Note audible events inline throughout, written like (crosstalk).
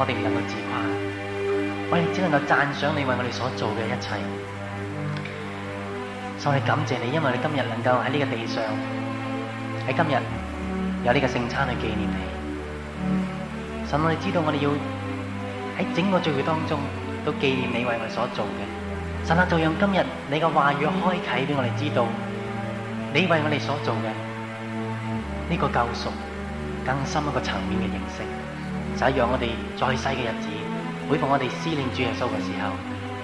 我哋唔能夠自誇，我哋只能夠讚賞你為我哋所做嘅一切。神，我哋感謝你，因為你今日能夠喺呢個地上，喺今日有呢個聖餐去紀念你。神，我哋知道我哋要喺整個聚會當中都紀念你為我哋所做嘅。神啊，就讓今日你嘅話語開啟俾我哋知道，你為我哋所做嘅呢個救贖，更深一個層面嘅認識。就讓我哋在世嘅日子，每逢我哋思念主耶穌嘅時候，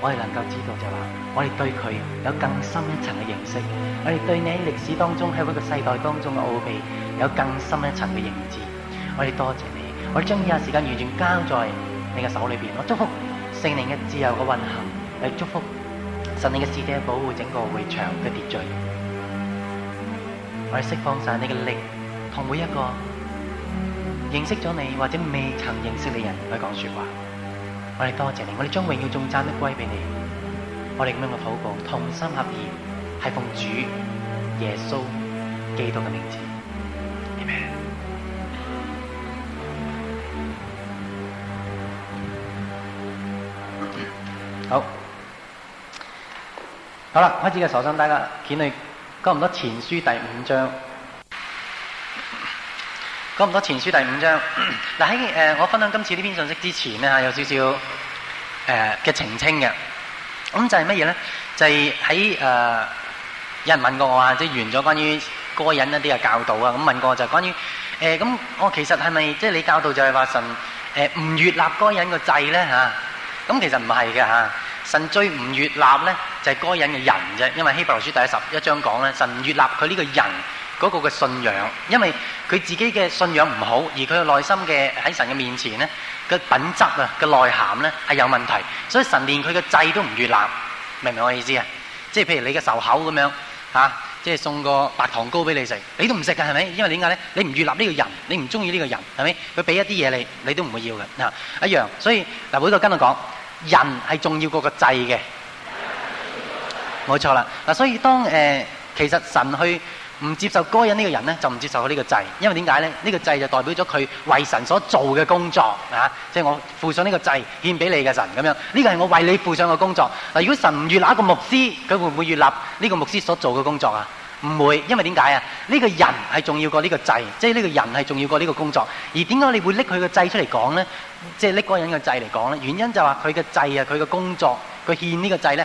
我哋能夠知道就話，我哋對佢有更深一層嘅認識，我哋對你喺歷史當中喺每個世代當中嘅奧秘有更深一層嘅認知。我哋多謝你，我哋將呢個時間完全交在你嘅手裏邊。我祝福聖靈嘅自由嘅運行，我祝福神你嘅使者保護整個會場嘅秩序。我哋釋放晒你嘅力，同每一個。認識咗你或者未曾認識你人去講說話，我哋多謝你，我哋將榮耀頌讚都歸俾你，我哋咁樣嘅禱告，同心合意，係奉主耶穌基督嘅名字。Amen。好，好啦，開始嘅手伸低啦，大家見你，哥林多前書第五章。講，唔多前書第五章，嗱，喺誒我分享今次呢篇信息之前咧嚇，有少少誒嘅澄清嘅。咁就係乜嘢咧？就係喺誒有人問過我啊、呃，即係完咗關於該隱一啲嘅教導啊。咁問過就係關於誒咁，我其實係咪即係你教導就係話神誒唔悅納該隱個祭咧嚇？咁其實唔係嘅嚇，神最唔悅納咧就係該隱嘅人啫，因為希伯來書第一十一章講咧，神悅納佢呢個人。嗰個嘅信仰，因為佢自己嘅信仰唔好，而佢嘅內心嘅喺神嘅面前呢，嘅品質啊嘅內涵呢係有問題，所以神連佢嘅祭都唔悦納，明唔明我意思是啊？即係譬如你嘅仇口咁樣嚇，即係送個白糖糕俾你食，你都唔食嘅係咪？因為點解呢？你唔悦納呢個人，你唔中意呢個人係咪？佢俾一啲嘢你，你都唔會要嘅嗱一樣。所以嗱，每個跟我講，人係重要過個祭嘅，冇錯啦。嗱，所以當誒、呃、其實神去。唔接受該隱呢個人呢，就唔接受佢呢個祭，因為點解呢？呢、這個祭就代表咗佢為神所做嘅工作啊！即、就、係、是、我付上呢個祭獻俾你嘅神咁樣，呢、這個係我為你付上嘅工作。嗱，如果神唔悅納一個牧師，佢會唔會悅納呢個牧師所做嘅工作啊？唔會，因為點解啊？呢、這個人係重要過呢個祭，即係呢個人係重要過呢個工作。而點解你會拎佢嘅祭出嚟講呢？即係拎該隱嘅祭嚟講呢，原因就話佢嘅祭啊，佢嘅工作，佢獻呢個祭呢。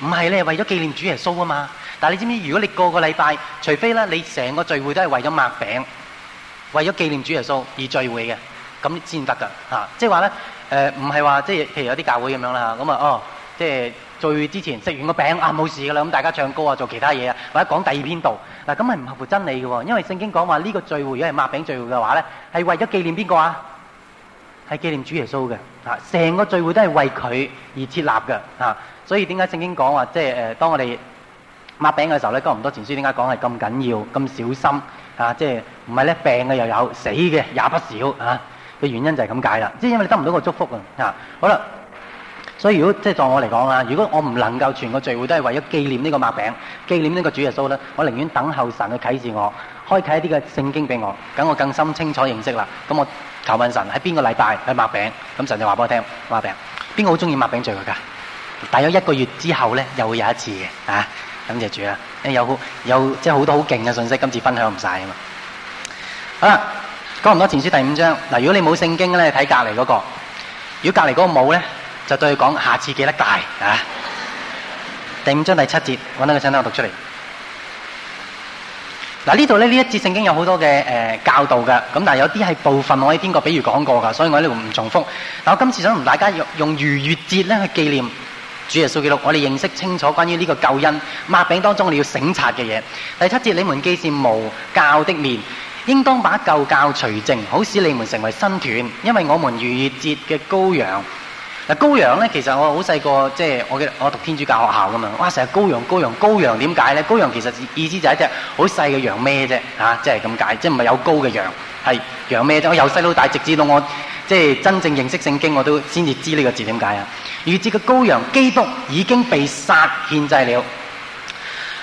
唔係咧，你係為咗紀念主耶穌啊嘛。但係你知唔知，如果你個個禮拜，除非咧，你成個聚會都係為咗擘餅，為咗紀念主耶穌而聚會嘅，咁先得噶嚇。即係話咧，誒唔係話即係譬如有啲教會咁樣啦嚇，咁啊哦，即係聚會之前食完個餅啊冇事噶啦，咁大家唱歌啊，做其他嘢啊，或者講第二篇道嗱，咁係唔合乎真理嘅喎。因為聖經講話呢、呢個聚會如果係擘餅聚會嘅話咧，係為咗紀念邊個啊？係紀念主耶穌嘅嚇，成、啊、個聚會都係為佢而設立嘅嚇。啊。所以點解聖經講話，即係誒，當我哋擘餅嘅時候咧，《哥林多前書》點解講係咁緊要、咁小心啊？即係唔係咧？病嘅又有，死嘅也不少啊！嘅原因就係咁解啦，即係因為你得唔到個祝福啊！好啦，所以如果即係當我嚟講啊，如果我唔能夠全個聚會都係為咗紀念呢個擘餅、紀念呢個主耶穌咧，我寧願等候神去啟示我，開啓一啲嘅聖經俾我，等我更深清楚認識啦。咁我求問神喺邊個禮拜去擘餅，咁神就話俾我聽，擘餅邊個好中意擘餅聚會㗎？大約一個月之後咧，又會有一次嘅，啊，感謝主啊！因為有好有即係好多好勁嘅信息，今次分享唔晒啊嘛。好啦，講唔多，前書第五章嗱、啊，如果你冇聖經咧，睇隔籬嗰個；如果隔籬嗰個冇咧，就對佢講，下次記得帶啊。第五章第七節，搵到個請單我讀出嚟。嗱、啊、呢度咧，呢一節聖經有好多嘅誒、呃、教導嘅，咁、啊、但係有啲係部分我喺邊個比如講過噶，所以我喺呢度唔重複。但、啊、我今次想同大家用用逾越節咧去紀念。主耶穌記錄，我哋認識清楚關於呢個救恩、擘餅當中你要省察嘅嘢。第七節，你們既是無酵的麵，應當把舊酵除淨，好使你們成為新團。因為我們逾越節嘅羔羊，嗱，羔羊咧，其實我好細個，即、就、係、是、我嘅我讀天主教學校噶嘛。哇，成日羔羊、羔羊、羔羊，點解咧？羔羊其實意思就係一隻好細嘅羊咩啫，吓、啊，即係咁解，即係唔係有高嘅羊，係羊咩啫？我由細到大，直至到我即係真正認識聖經，我都先至知呢個字點解啊！逾節嘅羔羊，基督已經被殺獻祭了。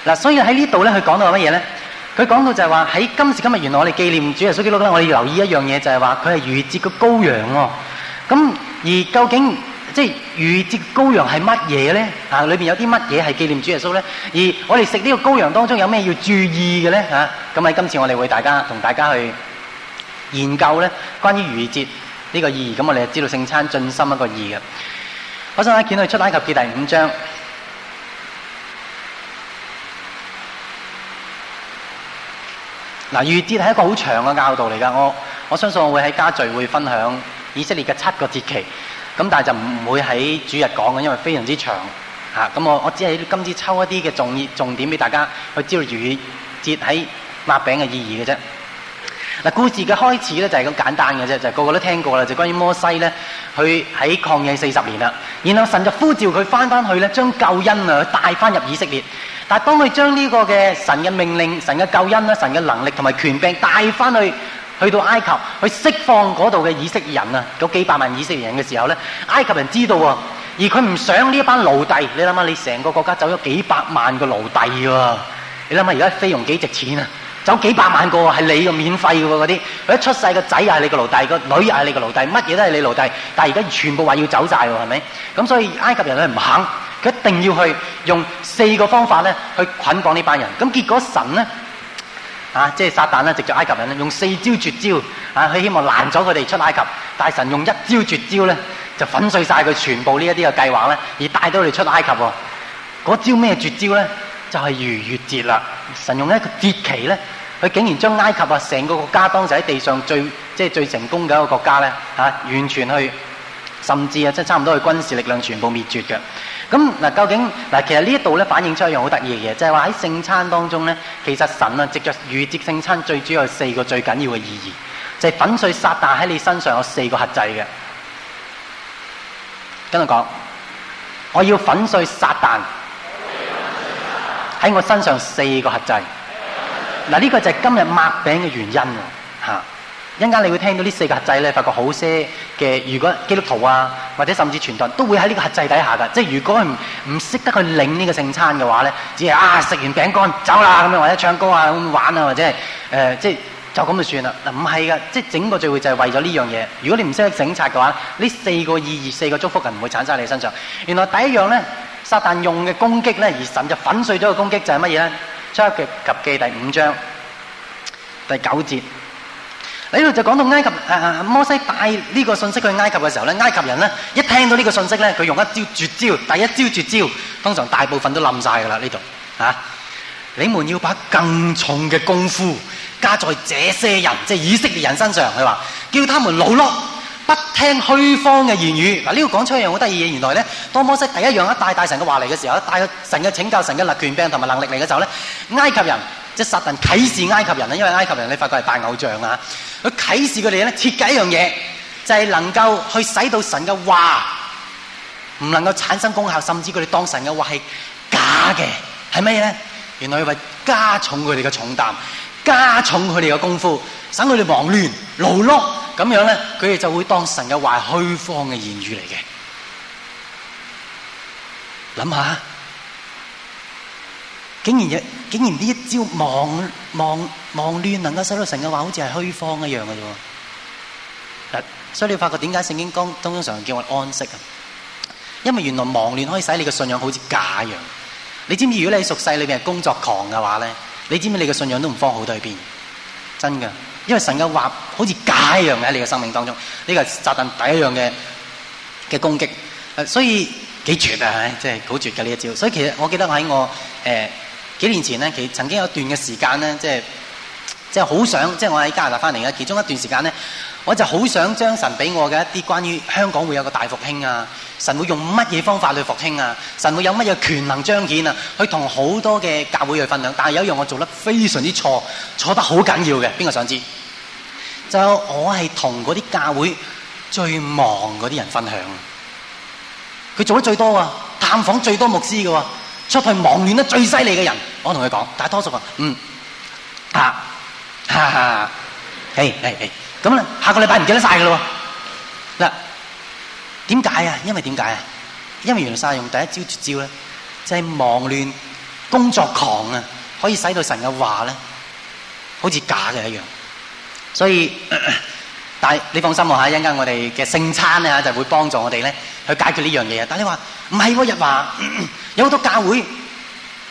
嗱、啊，所以喺呢度咧，佢講到乜嘢咧？佢講到就係話喺今時今日，原來我哋紀念主耶穌基督咧，我哋要留意一樣嘢就係話佢係逾節嘅羔羊喎、哦。咁、啊、而究竟即係逾節羔羊係乜嘢咧？吓、啊，裏邊有啲乜嘢係紀念主耶穌咧？而我哋食呢個羔羊當中有咩要注意嘅咧？吓、啊，咁喺今次我哋會大家同大家去研究咧，關於逾節呢個意義，咁我哋就知道聖餐進深一個意義嘅。我想睇《見佢出埃及記》第五章。嗱，逾越節係一個好長嘅教導嚟㗎，我我相信我會喺家聚會分享以色列嘅七個節期。咁但係就唔會喺主日講嘅，因為非常之長。嚇，咁我我只係今次抽一啲嘅重重點俾大家去知道逾越節喺抹餅嘅意義嘅啫。嗱，故事嘅開始咧就係咁簡單嘅啫，就係個個都聽過啦，就關於摩西咧，佢喺曠野四十年啦，然後神就呼召佢翻翻去咧，將救恩啊帶翻入以色列。但係當佢將呢個嘅神嘅命令、神嘅救恩啦、神嘅能力同埋權柄帶翻去，去到埃及去釋放嗰度嘅以色列人啊，嗰幾百萬以色列人嘅時候咧，埃及人知道喎，而佢唔想呢一班奴隸，你諗下你成個國家走咗幾百萬個奴隸喎，你諗下而家菲傭幾值錢啊！走幾百萬個係你個免費嘅喎，嗰啲佢一出世個仔又係你個奴隸，個女又係你個奴隸，乜嘢都係你奴隸。但係而家全部話要走晒喎，係咪？咁所以埃及人咧唔肯，佢一定要去用四個方法咧去捆綁呢班人。咁結果神咧啊，即係撒旦咧，直接埃及人咧，用四招絕招啊，佢希望攔咗佢哋出埃及。但係神用一招絕招咧，就粉碎晒佢全部呢一啲嘅計劃咧，而帶到佢哋出埃及喎。嗰招咩絕招咧？就係逾越節啦！神用一個節期咧。佢竟然將埃及啊，成個國家當時喺地上最即係最成功嘅一個國家咧，啊、完全去甚至啊，即係差唔多去軍事力量全部滅絕嘅。咁嗱，啊，究竟嗱，啊，其實這裏呢一度咧，反映出一樣好得意嘅嘢，就係話喺聖餐當中咧，其實神啊藉著逾節聖餐最主要係四個最緊要嘅意義，就係，是，粉碎撒旦喺你身上有四個核制嘅。跟住講，我要粉碎撒旦喺我身上四個核制。嗱，呢個就係今日擘餅嘅原因嚇。一陣間你會聽到呢四個制咧，發覺好些嘅。如果基督徒啊，或者甚至全堂都會喺呢個制底下噶。即係如果唔唔識得去領呢個聖餐嘅話咧，只係啊食完餅乾走啦咁樣，或者唱歌啊咁玩啊，或者係誒、呃、即係就咁就算啦。嗱，唔係噶，即係整個聚會就係為咗呢樣嘢。如果你唔識得省察嘅話，呢四個意義、四個祝福係唔會產生喺你身上。原來第一樣咧，撒旦用嘅攻擊咧，而神就粉碎咗嘅攻擊就係乜嘢咧？出埃及記第五章第九節，呢度就講到埃及誒誒摩西帶呢個信息去埃及嘅時候咧，埃及人咧一聽到呢個信息咧，佢用一招絕招，第一招絕招，通常大部分都冧曬噶啦呢度嚇，你們要把更重嘅功夫加在這些人，即係以色列人身上，佢話叫他們勞碌。不聽虛謊嘅言語，嗱、這、呢個講出一樣好得意嘢。原來咧，當摩西第一樣一帶大神嘅話嚟嘅時候，一帶神嘅拯救神嘅權柄同埋能力嚟嘅時候咧，埃及人即係、就是、撒但啟示埃及人啦，因為埃及人你發覺係拜偶像啊，佢啟示佢哋咧設計一樣嘢，就係、是、能夠去使到神嘅話唔能夠產生功效，甚至佢哋當神嘅話係假嘅，係咩咧？原來係為加重佢哋嘅重擔。加重佢哋嘅功夫，使佢哋忙亂勞碌，咁樣咧，佢哋就會當神嘅話虛謊嘅言語嚟嘅。諗下，竟然一，竟然呢一招忙忙忙亂，能夠使到神嘅話，好似係虛謊一樣嘅啫。所以你要發覺點解聖經講通常叫我安息啊？因為原來忙亂可以使你嘅信仰好似假樣。你知唔知？如果你屬世裏邊係工作狂嘅話咧？你知唔知你嘅信仰都唔放好對邊真㗎！因為神嘅話好似假一樣嘅喺你嘅生命當中，呢、這個撒但第一樣嘅嘅攻擊，誒、呃，所以幾絕啊！即係好絕嘅呢一招。所以其實我記得我喺我誒、呃、幾年前咧，其實曾經有一段嘅時間咧，即係即係好想，即係我喺加拿大翻嚟嘅其中一段時間咧。我就好想將神俾我嘅一啲關於香港會有個大復興啊！神會用乜嘢方法去復興啊？神會有乜嘢權能彰顯啊？去同好多嘅教會去分享。但係有一樣我做得非常之錯，錯得好緊要嘅。邊個想知？就我係同嗰啲教會最忙嗰啲人分享，佢做得最多啊，探訪最多牧師㗎喎，出去忙亂得最犀利嘅人。我同佢講，但係多數話嗯啊，哈哈，嘿嘿嘿咁啦，下個禮拜唔記得晒噶咯。嗱，點解啊？因為點解啊？因為原來撒但用第一招絕招咧，就係忙亂工作狂啊，可以使到神嘅話咧，好似假嘅一樣。所以，但係你放心啊，吓一陣間我哋嘅聖餐啊，就會幫助我哋咧去解決呢樣嘢啊。但係你話唔係我日華，有好多教會。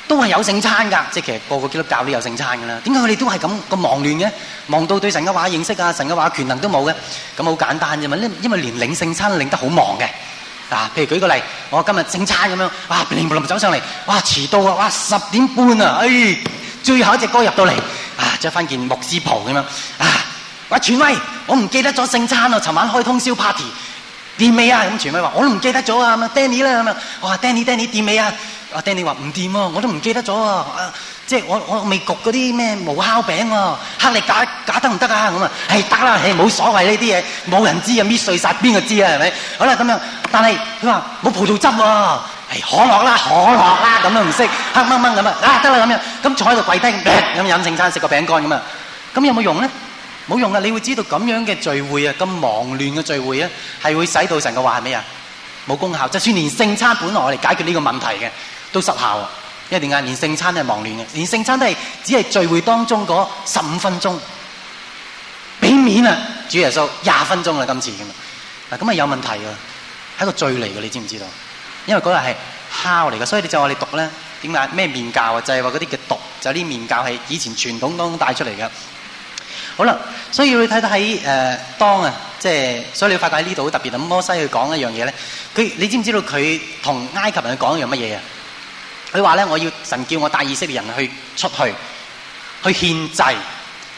都係有聖餐㗎，即係其實個個基督教都有聖餐㗎啦。點解佢哋都係咁咁忙亂嘅？忙到對神嘅話認識啊，神嘅話權能都冇嘅。咁好簡單啫嘛！因因為連領聖餐領得好忙嘅。嗱，譬如舉個例，我今日聖餐咁樣，哇，亂噏噏走上嚟，哇，遲到啊！哇，十點半啊！哎，最後一隻歌入到嚟，啊，著翻件牧師袍咁樣，啊，喂，傳威，我唔記得咗聖餐啊！尋晚開通宵 party，掂未啊？咁傳威話，我都唔記得咗啊！咁 Danny 啦，咁啊，我話 Danny，Danny，掂未啊？阿爹，啊，你話唔掂喎，我都唔記得咗喎，啊，啊，即係我我未焗嗰啲咩無烤餅喎，啊，黑力假假得唔得啊？咁啊，係得啦，係冇所謂呢啲嘢，冇人知啊，搣碎曬邊個知啊？係咪？好啦，咁樣，但係佢話冇葡萄汁喎，啊，係可樂啦，可樂啦，咁都唔識黑掹掹咁啊，啊得啦咁樣，咁坐喺度跪低咁飲聖餐食個餅乾咁啊，咁有冇用咧？冇用啊！你會知道咁樣嘅聚會啊，咁忙亂嘅聚會啊，係會使到成嘅話係咩啊？是冇功效，就算連聖餐本來我哋解決呢個問題嘅都失效，因為點解？連聖餐都係忙亂嘅，連聖餐都係只係聚會當中嗰十五分鐘俾面啊！主耶穌廿分鐘啦，今次咁啊，嗱咁啊有問題啊，係一個罪嚟嘅，你知唔知道？因為嗰日係烤嚟嘅，所以你就我哋讀咧點解咩麵教啊？就係話嗰啲嘅毒，就係啲麵教係以前傳統當中帶出嚟嘅。好啦，所以你睇睇。喺、呃、誒當啊，即係所以你發覺喺呢度特別啊。摩西去講一樣嘢咧，佢你知唔知道佢同埃及人去講一樣乜嘢啊？佢話咧，我要神叫我帶以色列人去出去，去獻祭，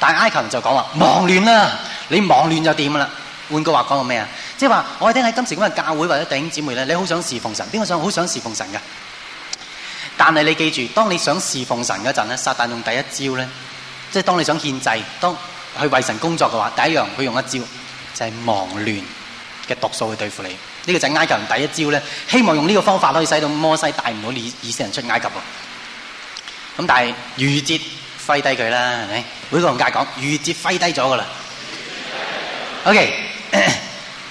但係埃及人就講話妄亂啦，你妄亂就點啦？換句話講到咩啊？即係話我哋聽喺今時今日教會或者弟兄姊妹咧，你好想侍奉神，邊個想好想侍奉神嘅？但係你記住，當你想侍奉神嗰陣咧，撒旦用第一招咧，即係當你想獻祭，當。去為神工作嘅話，第一樣佢用一招就係、是、忙亂嘅毒素去對付你，呢、這個就係埃及人第一招咧，希望用呢個方法可以使到摩西帶唔到以色列人出埃及喎。咁但係愚節揮低佢啦，係咪？每個人梗係講愚節揮低咗噶啦。 (laughs) OK，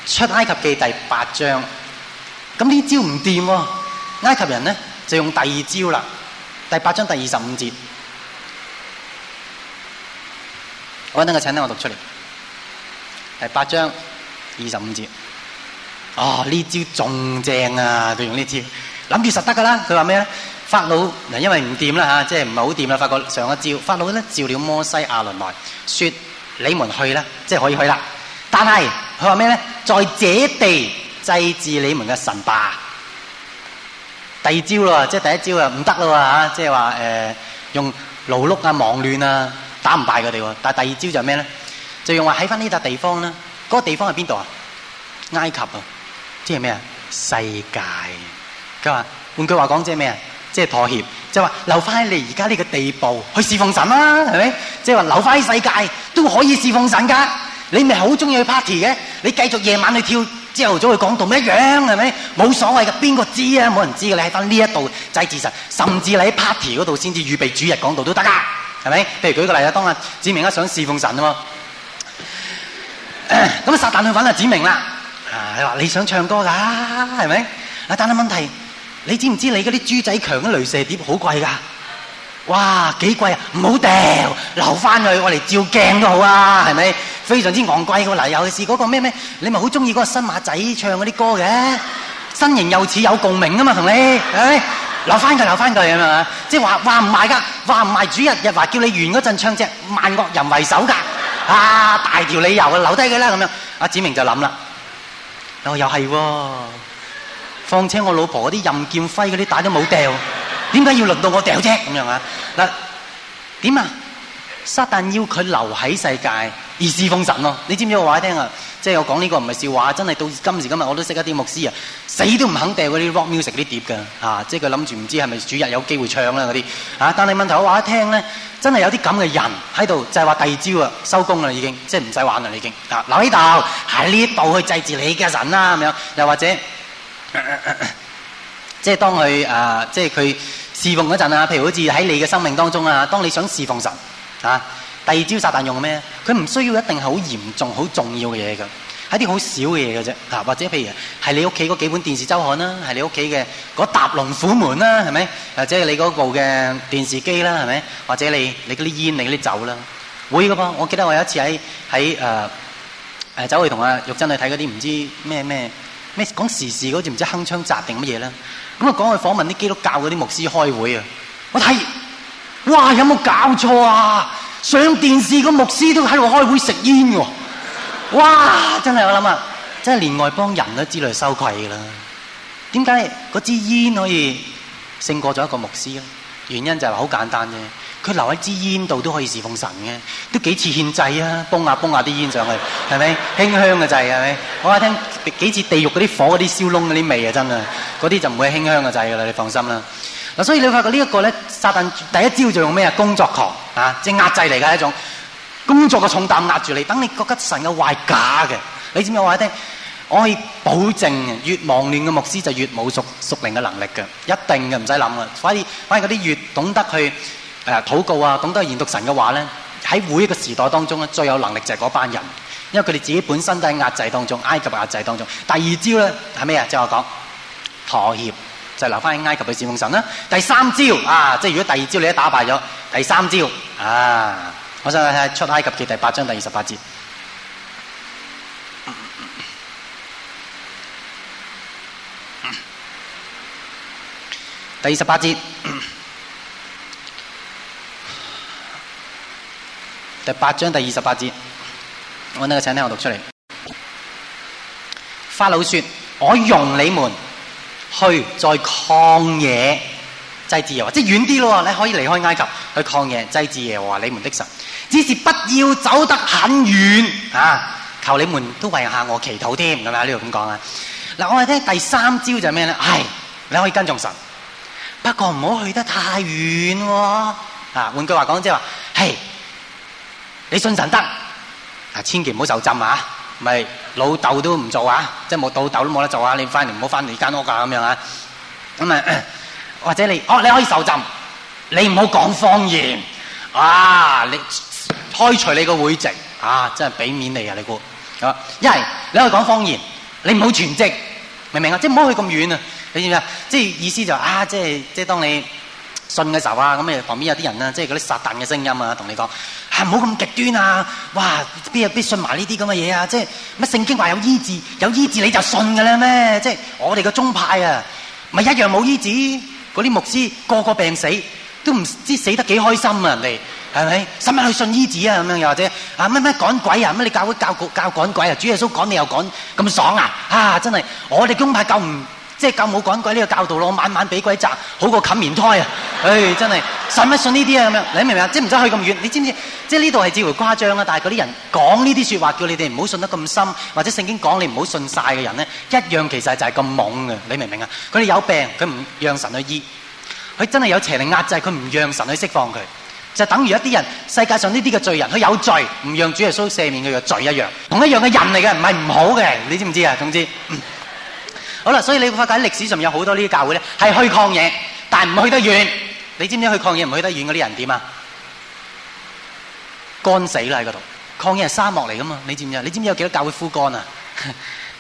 出埃及記第八章，咁呢招唔掂喎，埃及人咧就用第二招啦，第八章第二十五節。等個請呢，我讀出嚟，第八章二十五節。哦，呢招仲正啊！佢用呢招，諗住實得噶啦。佢話咩咧？法老嗱，因為唔掂啦吓，即係唔係好掂啦，發覺上一招，法老咧召了摩西亞倫來，說你們去啦，即係可以去啦。但係佢話咩咧？在這地祭祀你們嘅神吧。第二招啦，即係第一招又唔得啦吓，即係話誒，用勞碌啊，忙亂啊。打唔敗佢哋喎，但係第二招就係咩咧？就用話喺翻呢笪地方咧，嗰個地方係邊度啊？埃及啊，即係咩啊？世界。佢話換句話講，即係咩啊？即係妥協，即係話留翻喺你而家呢個地步去侍奉神啦，係咪？即係話留翻喺世界都可以侍奉神噶，你咪好中意去 party 嘅？你繼續夜晚去跳，朝頭早去講道咩樣？係咪？冇所謂㗎，邊個知啊？冇人知嘅。你喺翻呢一度祭祀神，甚至你喺 party 嗰度先至預備主日講道都得噶。係咪？譬如舉個例啊，當阿子明啊想侍奉神啊嘛，咁啊撒旦去搵阿子明啦，啊你話你想唱歌噶，係咪？啊但係問題，你知唔知你嗰啲豬仔強嘅鐳射碟好貴噶？哇幾貴啊！唔好掉，留翻去，我嚟照鏡都好啊，係咪？非常之昂貴嘅嗱，尤其是嗰個咩咩，你咪好中意嗰個新馬仔唱嗰啲歌嘅，身形又似有共鳴啊嘛，同你，誒。留翻佢，留翻佢咁啊嘛，即係話話唔埋噶，話唔埋主日日話叫你完嗰陣唱隻《萬惡人為首》噶，啊大條理由啊，留低佢啦咁樣，阿子明就諗啦，又又係，況且我老婆嗰啲任劍輝嗰啲帶都冇掉，點解要輪到我掉啫？咁樣啊嗱，點啊？撒但要佢留喺世界，而侍奉神咯、啊。你知唔知我話你聽啊？即係我講呢個唔係笑話，真係到今時今日，我都識一啲牧師啊，死都唔肯掟嗰啲 rock music 啲碟噶。吓、啊，即係佢諗住唔知係咪主日有機會唱啦嗰啲。吓、啊，但係問題我話你聽咧，真係有啲咁嘅人喺度，就係話第二朝啊收工啦，已經即係唔使玩啦，已經。啊，留喺度喺呢一度去祭祀你嘅神啦、啊，咁樣又或者即係當佢啊，即係佢、呃、侍奉嗰陣啊，譬如好似喺你嘅生命當中啊，當你想侍奉神。啊！第二招撒旦用咩？佢唔需要一定係好嚴重、好重要嘅嘢噶，係啲好少嘅嘢嘅啫。嚇，或者譬如係你屋企嗰幾本電視周刊啦，係你屋企嘅嗰踏龍虎門啦，係咪？或者係你嗰部嘅電視機啦，係咪？或者你你嗰啲煙、你嗰啲酒啦，會噶噃。我記得我有一次喺喺誒誒走去同阿玉珍去睇嗰啲唔知咩咩咩講時事嗰段唔知鏗鏘集定乜嘢啦。咁啊講去訪問啲基督教嗰啲牧師開會啊，我睇。哇！有冇搞錯啊？上電視個牧師都喺度開會食煙喎！哇！真係我諗啊，真係連外邦人都知道羞愧啦！點解嗰支煙可以勝過咗一個牧師咧？原因就係話好簡單啫，佢留喺支煙度都可以侍奉神嘅，都幾次獻祭啊，幫下幫下啲煙上去，係咪？ (laughs) 馨香嘅祭，係咪？我話聽幾次地獄嗰啲火嗰啲燒燶嗰啲味啊，真係嗰啲就唔會馨香嘅祭噶啦，你放心啦。嗱，所以你會發覺這呢一個咧，撒旦第一招就用咩啊？工作狂啊，即係壓制嚟嘅一種工作嘅重擔壓住你，等你覺得神嘅話假嘅。你知唔知我話你聽？我可以保證，越忙亂嘅牧師就越冇熟熟靈嘅能力嘅，一定嘅唔使諗啦。反而反而嗰啲越懂得去誒禱、啊、告啊，懂得研讀神嘅話咧，喺每一個時代當中咧，最有能力就係嗰班人，因為佢哋自己本身都喺壓制當中，埃及壓制當中。第二招咧係咩啊？即係我講，妥協。就留翻喺埃及嘅侍奉神啦。第三招啊，即係如果第二招你都打敗咗，第三招啊，我想睇下出埃及記第八章第二十八節。嗯、第二十八節，嗯、第八章第二十八節。我呢個請聽我讀出嚟。法老說：我容你們。嗯去再曠野祭祀耶和華，即係遠啲咯，你可以離開埃及去曠野祭祀耶和華你們的神，只是不要走得很遠啊！求你們都為下我祈禱添，咁樣呢度咁講啊！嗱、啊，我哋聽第三招就係咩咧？係你可以跟從神，不過唔好去得太遠、啊。啊，換句話講即係話，嘿，你信神得，啊，千祈唔好受浸啊！咪老豆都唔做啊！即係冇老豆都冇得做啊！你翻嚟唔好翻你間屋㗎！咁樣啊！咁、嗯、啊，或者你哦，你可以受浸，你唔好講方言啊！你開除你個會籍啊！真係俾面你啊！你估啊？因、嗯、為你可以講方言，你唔好全職，明唔明啊？即係唔好去咁遠啊！你知唔知、就是、啊？即係意思就啊，即係即係當你。信嘅時候啊，咁誒旁邊有啲人啊，即係嗰啲撒旦嘅聲音啊，同你講嚇唔好咁極端啊！哇，必啊，必信埋呢啲咁嘅嘢啊？即係乜聖經話有醫治，有醫治你就信㗎喇咩？即係我哋嘅宗派啊，咪一樣冇醫治，嗰啲牧師個個病死都唔知死得幾開心啊！人哋係咪？使乜去信醫治啊？咁樣又或者啊乜乜趕鬼啊？乜你教會教教趕鬼啊？主耶穌趕你又趕咁爽啊？啊！真係我哋宗派救唔～即係教冇講鬼呢個教導咯，我晚晚俾鬼責，好過冚棉胎啊！唉、哎，真係使乜信呢啲啊？咁樣你明唔明啊？即唔使去咁遠？你知唔知？即係呢度係只會誇張啊。但係嗰啲人講呢啲說話，叫你哋唔好信得咁深，或者聖經講你唔好信晒嘅人咧，一樣其實就係咁懵嘅。你明唔明啊？佢哋有病，佢唔讓神去醫，佢真係有邪靈壓制，佢唔讓神去釋放佢，就等於一啲人世界上呢啲嘅罪人，佢有罪，唔讓主耶穌赦免佢嘅罪一樣，同一樣嘅人嚟嘅，唔係唔好嘅。你知唔知啊？總之。好啦，所以你會發覺喺歷史上有好多呢啲教會咧，係去抗嘢，但係唔去得遠。你知唔知去抗嘢唔去得遠嗰啲人點啊？乾死啦喺嗰度，抗嘢係沙漠嚟噶嘛？你知唔知？你知唔知有幾多教會枯乾啊？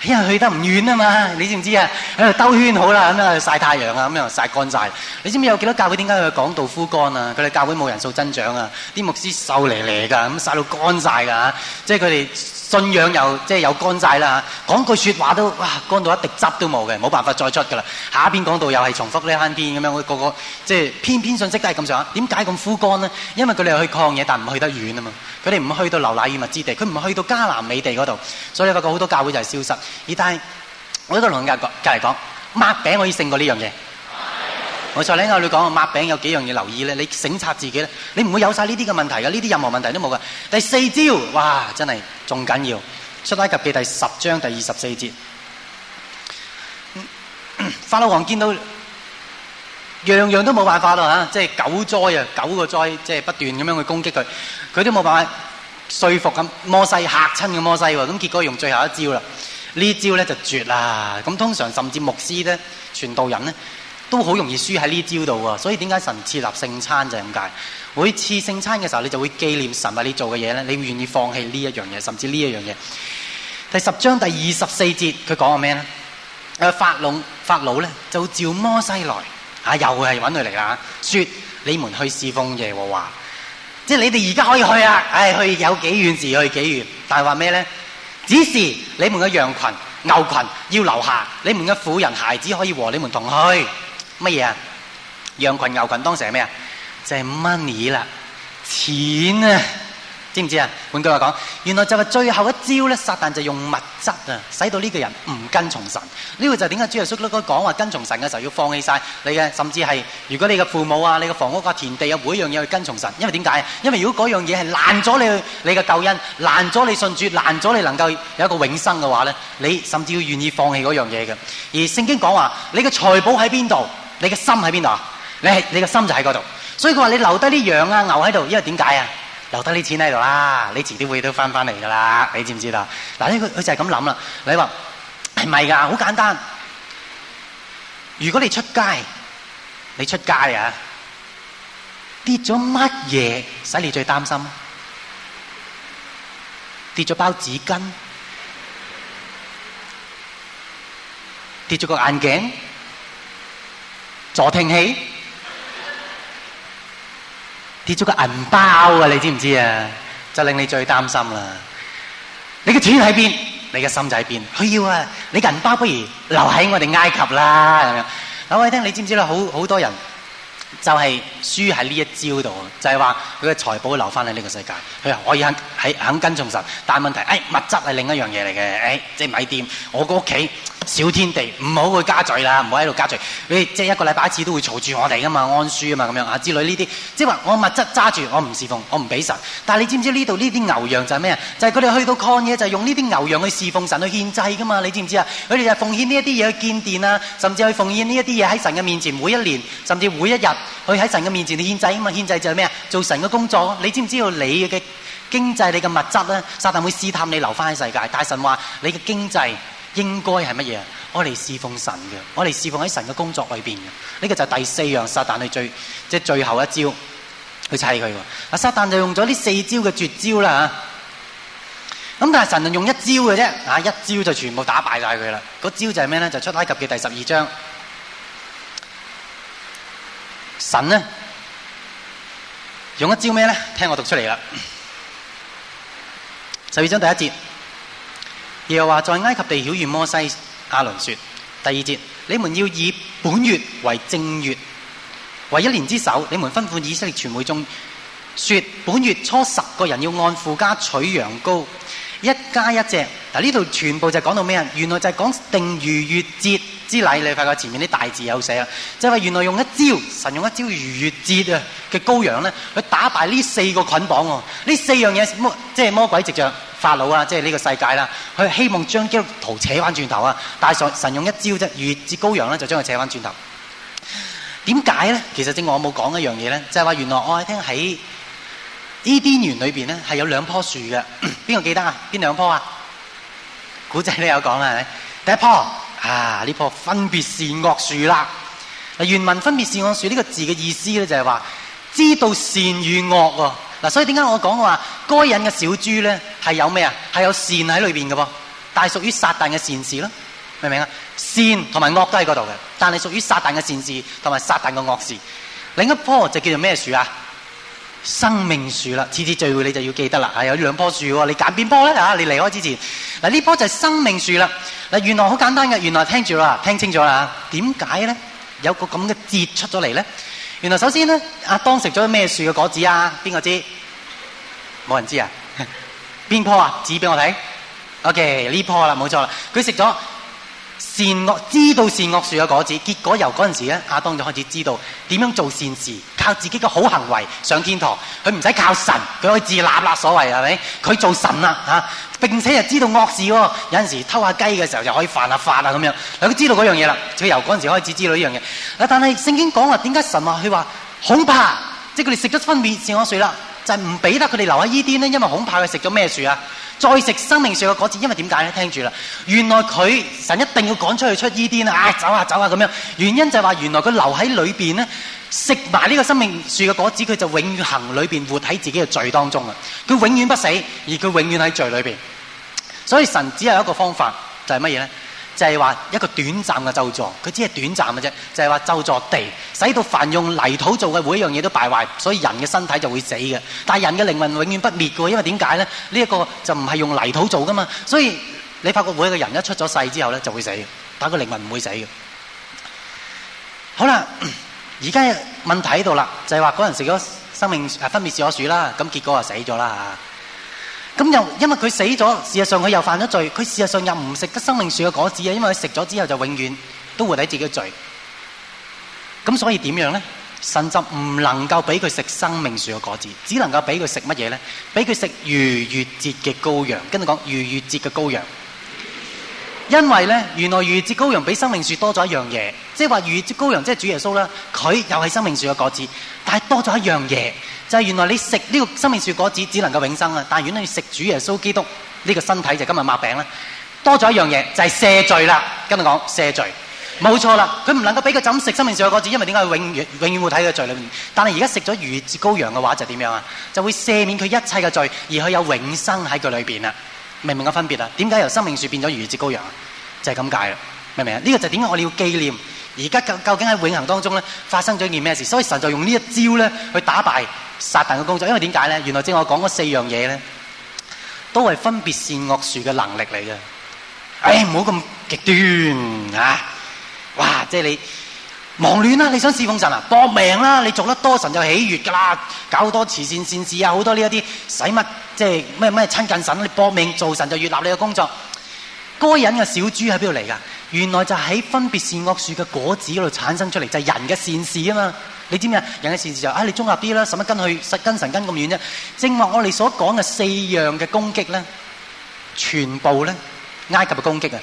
因為去得唔遠啊嘛，你知唔知啊？喺度兜圈好啦，咁去曬太陽啊，咁又曬乾晒。你知唔知有幾多教會點解去講道枯乾啊？佢哋教會冇人數增長啊，啲牧師瘦嚟嚟㗎，咁晒到乾晒㗎。即係佢哋信仰又即係有乾晒啦嚇。講句説話都哇乾到一滴汁都冇嘅，冇辦法再出㗎啦。下一邊講到又係重複呢一閪咁樣，我個個即係篇篇偏偏信息都係咁上下。點解咁枯乾呢？因為佢哋去抗嘢，但唔去得遠啊嘛。佢哋唔去到牛奶與物之地，佢唔去到迦南美地嗰度，所以你發覺好多教會就係消失。而但係我呢度同你講，繼續講，抹餅可以勝過呢樣嘢。冇錯咧，我哋你講，抹餅有幾樣嘢留意咧，你省察自己咧，你唔會有晒呢啲嘅問題嘅，呢啲任何問題都冇嘅。第四招，哇，真係仲緊要。出埃及記第十章第二十四節，法老王見到。樣樣都冇辦法啦吓，即係九災啊，九個災，即係不斷咁樣去攻擊佢，佢都冇辦法說服咁摩西吓親嘅摩西喎，咁結果用最後一招啦，呢招咧就絕啦，咁通常甚至牧師咧、傳道人咧都好容易輸喺呢招度喎，所以點解神設立聖餐就係咁解？每次聖餐嘅時候，你就會紀念神啊，你做嘅嘢咧，你會願意放棄呢一樣嘢，甚至呢一樣嘢。第十章第二十四節佢講個咩咧？誒，法龍、法老咧就召摩西來。啊！又係揾佢嚟啦，說你們去侍奉耶和華，即係你哋而家可以去啊！唉、哎，去有幾遠就去幾遠，但係話咩咧？只是你們嘅羊群、牛群要留下，你們嘅婦人、孩子可以和你們同去。乜嘢啊？羊群、牛群當時係咩啊？就係、是、money 啦，錢啊！知唔知啊？換句話講，原來就係最後一招咧，撒旦就用物質啊，使到呢個人唔跟從神。呢個就點解主耶穌都講話跟從神嘅時候要放棄晒你嘅，甚至係如果你嘅父母啊、你嘅房屋啊、田地啊，每一樣嘢去跟從神。因為點解啊？因為如果嗰樣嘢係爛咗你你嘅救恩，爛咗你信主，爛咗你能夠有一個永生嘅話咧，你甚至要願意放棄嗰樣嘢嘅。而聖經講話你嘅財寶喺邊度，你嘅心喺邊度啊？你係你嘅心就喺嗰度。所以佢話你留低啲羊啊牛喺度，因為點解啊？留低啲錢喺度啦，你遲啲會都返返嚟㗎喇，你知唔知道？嗱，呢個佢就係咁諗啦。你話係咪㗎？好簡單，如果你出街，你出街啊，跌咗乜嘢使你最擔心？跌咗包紙巾，跌咗個眼鏡，助聽器。跌咗個銀包啊！你知唔知啊？就令你最擔心啦。你嘅錢喺邊？你嘅心就喺邊。佢要啊！你嘅銀包不如留喺我哋埃及啦。咁樣，我聽你知唔知啦？好好多人就係輸喺呢一招度，就係話佢嘅財寶留翻喺呢個世界。佢話可以肯喺肯跟從神，但係問題，誒、哎、物質係另一樣嘢嚟嘅。誒、哎，即係咪掂，我個屋企。小天地唔好去加罪啦，唔好喺度加罪。你即係一個禮拜一次都會嘈住我哋㗎嘛，安舒啊嘛咁樣之類呢啲，即係話我物質揸住，我唔侍奉，我唔俾神。但你知唔知呢度呢啲牛羊就係咩？就係佢哋去到曠野，就係、是、用呢啲牛羊去侍奉神，去獻祭噶嘛。你知唔知？佢哋就係奉獻呢一啲嘢去建殿啦，甚至去奉獻呢一啲嘢喺神嘅面前，每一年甚至每一日去喺神嘅面前去獻祭啊。獻祭就係咩？做神嘅工作。你知唔知道你嘅經濟、你嘅物質呢，撒旦會試探你留返喺世界。但神話你嘅經濟。應該係乜嘢？我嚟侍奉神嘅，我嚟侍奉喺神嘅工作裏邊嘅。呢、這個就第四樣，撒旦去最即係最後一招去砌佢。阿撒旦就用咗呢四招嘅絕招啦吓。咁但係神就用一招嘅啫，啊一招就全部打敗晒佢啦。嗰招就係咩咧？就是、出埃及記第十二章，神咧用一招咩咧？聽我讀出嚟啦。十二章第一節。又話在埃及地曉諭摩西亞倫說：「第二節，你們要以本月為正月，為一年之首。你們吩咐以色列全會眾說，本月初十，個人要按父家取羊羔，一家一隻。嗱，呢度全部就講到咩啊？原來就係講定逾越節之禮，你發覺前面啲大字有寫啊，就係話原來用一招，神用一招逾越節啊嘅羔羊咧，去打敗呢四個捆綁喎，呢四樣嘢魔，即係魔鬼藉著法老啊，即係呢個世界啦，佢希望將基督徒扯翻轉頭啊，但係神用一招啫，逾越節羔羊咧就將佢扯翻轉頭。點解咧？其實正我冇講一樣嘢咧，就係話原來我係聽喺伊甸園裏邊咧係有兩棵樹嘅，邊個記得啊？邊兩棵啊？古仔都有講啦，第一棵。啊！呢棵分別善惡樹啦，嗱原文分別善惡樹呢個字嘅意思咧就係話知道善與惡喎，嗱所以點解我講話該隱嘅小豬咧係有咩啊？係有善喺裏邊嘅噃，但係屬於撒旦嘅善事咯，明唔明啊？善同埋惡都喺嗰度嘅，但係屬於撒旦嘅善事同埋撒旦嘅惡事。另一棵就叫做咩樹啊？生命樹啦，次次聚會你就要記得啦。係有兩棵樹喎，你揀邊棵咧？啊，你離開之前，嗱呢棵就係生命樹啦。嗱，原來好簡單嘅，原來聽住啦，聽清楚啦。點解咧有個咁嘅節出咗嚟咧？原來首先咧，阿當食咗咩樹嘅果子啊？邊個知？冇人知啊？邊棵啊？指俾我睇。OK，呢棵啦，冇錯啦，佢食咗。善惡知道善惡樹嘅果子，結果由嗰陣時咧，亞當就開始知道點樣做善事，靠自己嘅好行為上天堂，佢唔使靠神，佢可以自立啦，所謂係咪？佢做神啦嚇、啊，並且又知道惡事喎，有陣時偷下雞嘅時候就可以犯下法啊咁樣、啊，佢知道嗰樣嘢啦，就由嗰陣時開始知道呢樣嘢。啊，但係聖經講話點解神話？佢話恐怕，即係佢哋食咗分別善惡樹啦。就唔俾得佢哋留喺伊甸咧，因為恐怕佢食咗咩樹啊？再食生命樹嘅果子，因為點解咧？聽住啦，原來佢神一定要趕出去出伊甸啦，啊走啊走啊，咁樣。原因就係話，原來佢留喺裏邊咧，食埋呢個生命樹嘅果子，佢就永恆裏邊活喺自己嘅罪當中啊！佢永遠不死，而佢永遠喺罪裏邊。所以神只有一個方法，就係乜嘢咧？就係話一個短暫嘅咒詛，佢只係短暫嘅啫。就係、是、話咒詛地，使到凡用泥土做嘅每一樣嘢都敗壞，所以人嘅身體就會死嘅。但係人嘅靈魂永遠不滅嘅喎，因為點解咧？呢、這、一個就唔係用泥土做嘅嘛，所以你發覺每一個人一出咗世之後咧就會死，但係個靈魂唔會死嘅。好啦，而家問題喺度啦，就係話嗰人食咗生命分別善惡樹啦，咁結果就死咗啦嚇。咁又，因為佢死咗，事實上佢又犯咗罪。佢事實上又唔食得生命樹嘅果子啊，因為佢食咗之後就永遠都活喺自己嘅罪。咁所以點樣呢？神就唔能夠俾佢食生命樹嘅果子，只能夠俾佢食乜嘢呢？俾佢食逾越節嘅羔羊。跟住講逾越節嘅羔羊，因為呢，原來逾越節羔羊比生命樹多咗一樣嘢，即係話逾越節羔羊即係主耶穌啦，佢又係生命樹嘅果子，但係多咗一樣嘢。就係原來你食呢個生命樹果子只能夠永生啊！但係如果你食主耶穌基督呢個身體，就今日抹餅啦。多咗一樣嘢就係赦罪啦。今日講赦罪，冇錯啦。佢唔能夠俾佢枕食生命樹果子，因為點解？永遠永遠會睇佢罪裏面。但係而家食咗逾越節羔羊嘅話，就點樣啊？就會赦免佢一切嘅罪，而佢有永生喺佢裏邊啊。明唔明個分別啊？點解由生命樹變咗逾越節羔羊啊？就係咁解啦。明唔明啊？呢個就係點解我哋要紀念而家究竟喺永恆當中咧發生咗件咩事？所以神就用呢一招咧去打敗撒但嘅工作，因為點解咧？原來即係我講嗰四樣嘢咧，都係分別善惡樹嘅能力嚟嘅。唉、哎，唔好咁極端啊！哇，即係你忙亂啦、啊，你想侍奉神啊，搏命啦、啊，你做得多，神就喜悅噶啦。搞好多慈善善事啊，好多呢一啲使乜即係咩咩親近神，你搏命做神就越立你嘅工作。該引嘅小豬喺邊度嚟噶？原來就喺分別善惡樹嘅果子嗰度產生出嚟，就係人嘅善事啊嘛！你知唔知啊？人嘅善事就啊，你綜合啲啦，使乜跟去十根神根咁遠啫。正話我哋所講嘅四樣嘅攻擊咧，全部咧埃及嘅攻擊啊，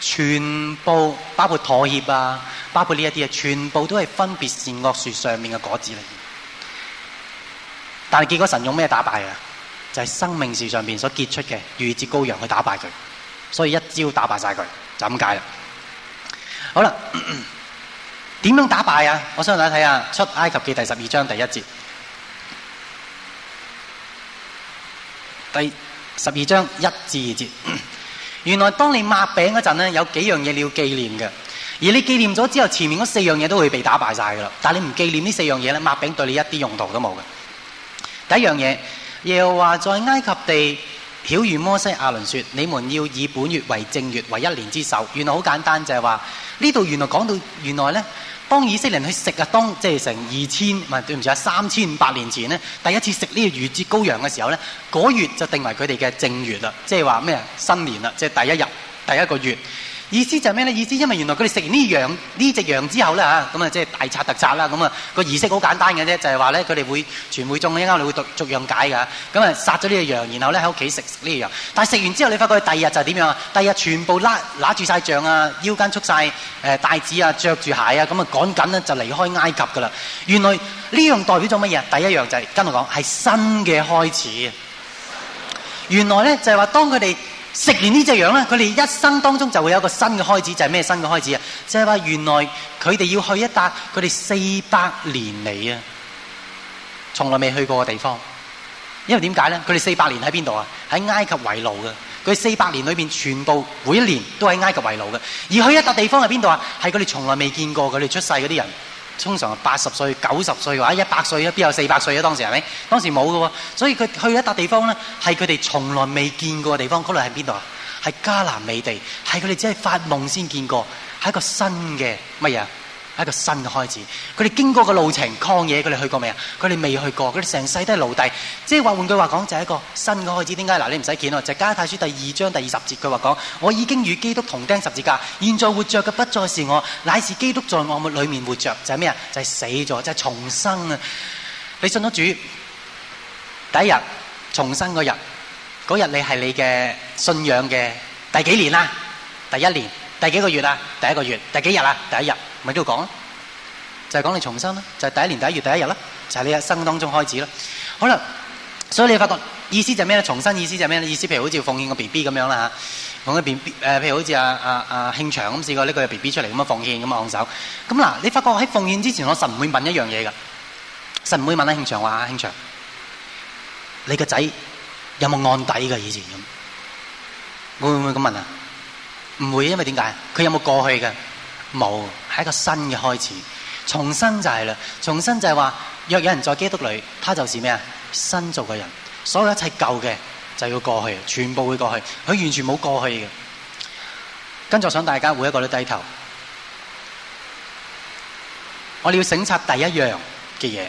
全部包括妥協啊，包括呢一啲啊，全部都係分別善惡樹上面嘅果子嚟。但係結果神用咩打敗啊？就係生命樹上邊所結出嘅逾越節羔羊去打敗佢，所以一招打敗晒佢就咁解啦。好啦，點樣打敗啊？我想同大家睇下《出埃及記》第十二章第一節，第十二章一至二節。原來當你抹餅嗰陣咧，有幾樣嘢你要紀念嘅，而你紀念咗之後，前面嗰四樣嘢都會被打敗晒噶啦。但你唔紀念呢四樣嘢咧，抹餅對你一啲用途都冇嘅。第一樣嘢，耶和華在埃及地。曉諭摩西亞倫說：你們要以本月為正月，為一年之首。原來好簡單，就係話呢度原來講到原來呢，當以色列人去食啊，當即係、就是、成二千唔係，對唔住啊，三千五百年前呢，第一次食呢個逾越羔羊嘅時候呢，嗰月就定為佢哋嘅正月啦，即係話咩啊，新年啦，即、就、係、是、第一日第一個月。意思就係咩咧？意思因為原來佢哋食完呢羊呢隻羊之後、啊啊冊冊啊那個就是、呢，咁啊即係大拆特拆啦。咁啊個儀式好簡單嘅啫，就係話呢，佢哋會全會中，一陣，我哋會逐樣解噶。咁啊殺咗呢隻羊，然後呢在喺屋企食羊。但係食完之後，你發覺佢第二日就點樣，第二日全部拿攤住曬杖啊，腰間束曬誒帶子啊，著住鞋啊，咁啊趕緊就離開埃及噶，原來呢樣代表咗乜嘢啊？第一樣就係、是、跟我講係新嘅開始。原來呢，就係、是、話當佢哋。食完呢隻羊咧，佢哋一生當中就會有一個新嘅開始，就係、是、咩新嘅開始啊？即係話原來佢哋要去一笪，佢哋四百年嚟啊，從來未去過嘅地方。因為點解咧？佢哋四百年喺邊度啊？喺埃及為奴嘅。佢哋四百年裏邊全部每一年都喺埃及為奴嘅。而去一笪地方喺邊度啊？係佢哋從來未見過，佢哋出世嗰啲人。通常八十歲、九十歲，或者一百歲啊，邊有四百歲啊？當時係咪？當時冇㗎喎，所以佢去一笪地方咧，係佢哋從來未見過嘅地方。嗰度喺邊度啊？係迦南美地，係佢哋只係發夢先見過，係一個新嘅乜嘢？一個新嘅開始，佢哋經過嘅路程曠野，佢哋去過未啊？佢哋未去過，佢哋成世都係奴隸。即係話換句話講，就係、是、一個新嘅開始。點解嗱？你唔使見哦，就是、加拉太書第二章第二十節，佢話講：我已經與基督同釘十字架，現在活着嘅不再是我，乃是基督在我們裏面活着。就係咩啊？就係、是、死咗，就係、是、重生啊！你信咗主，第一日重生嗰日，嗰日你係你嘅信仰嘅第幾年啦？第一年，第幾個月啊？第一個月，第幾日啊？第一日。咪都要講啦，就係講你重生啦，就係第一年第一月第一日啦，就係你一生當中開始啦。好啦，所以你發覺意思就係咩咧？重生意思就係咩咧？意思譬如好似奉獻個 B B 咁樣啦嚇，講啲 B 譬如好似阿阿阿慶祥咁試過呢個 B B 出嚟咁啊奉獻咁啊按手。咁嗱，你發覺喺奉獻之前，我實唔會問一樣嘢㗎，實唔會問阿慶祥話：阿慶祥，你個仔有冇案底㗎以前咁？會唔會咁問啊？唔會，因為點解？佢有冇過去嘅？冇，係一個新嘅開始，重生就係啦，重生就係話若有人在基督裏，他就是咩？新造嘅人，所有一切舊嘅就要過去，全部會過去，佢完全冇過去嘅。跟住想大家每一個都低頭，我哋要審察第一樣嘅嘢，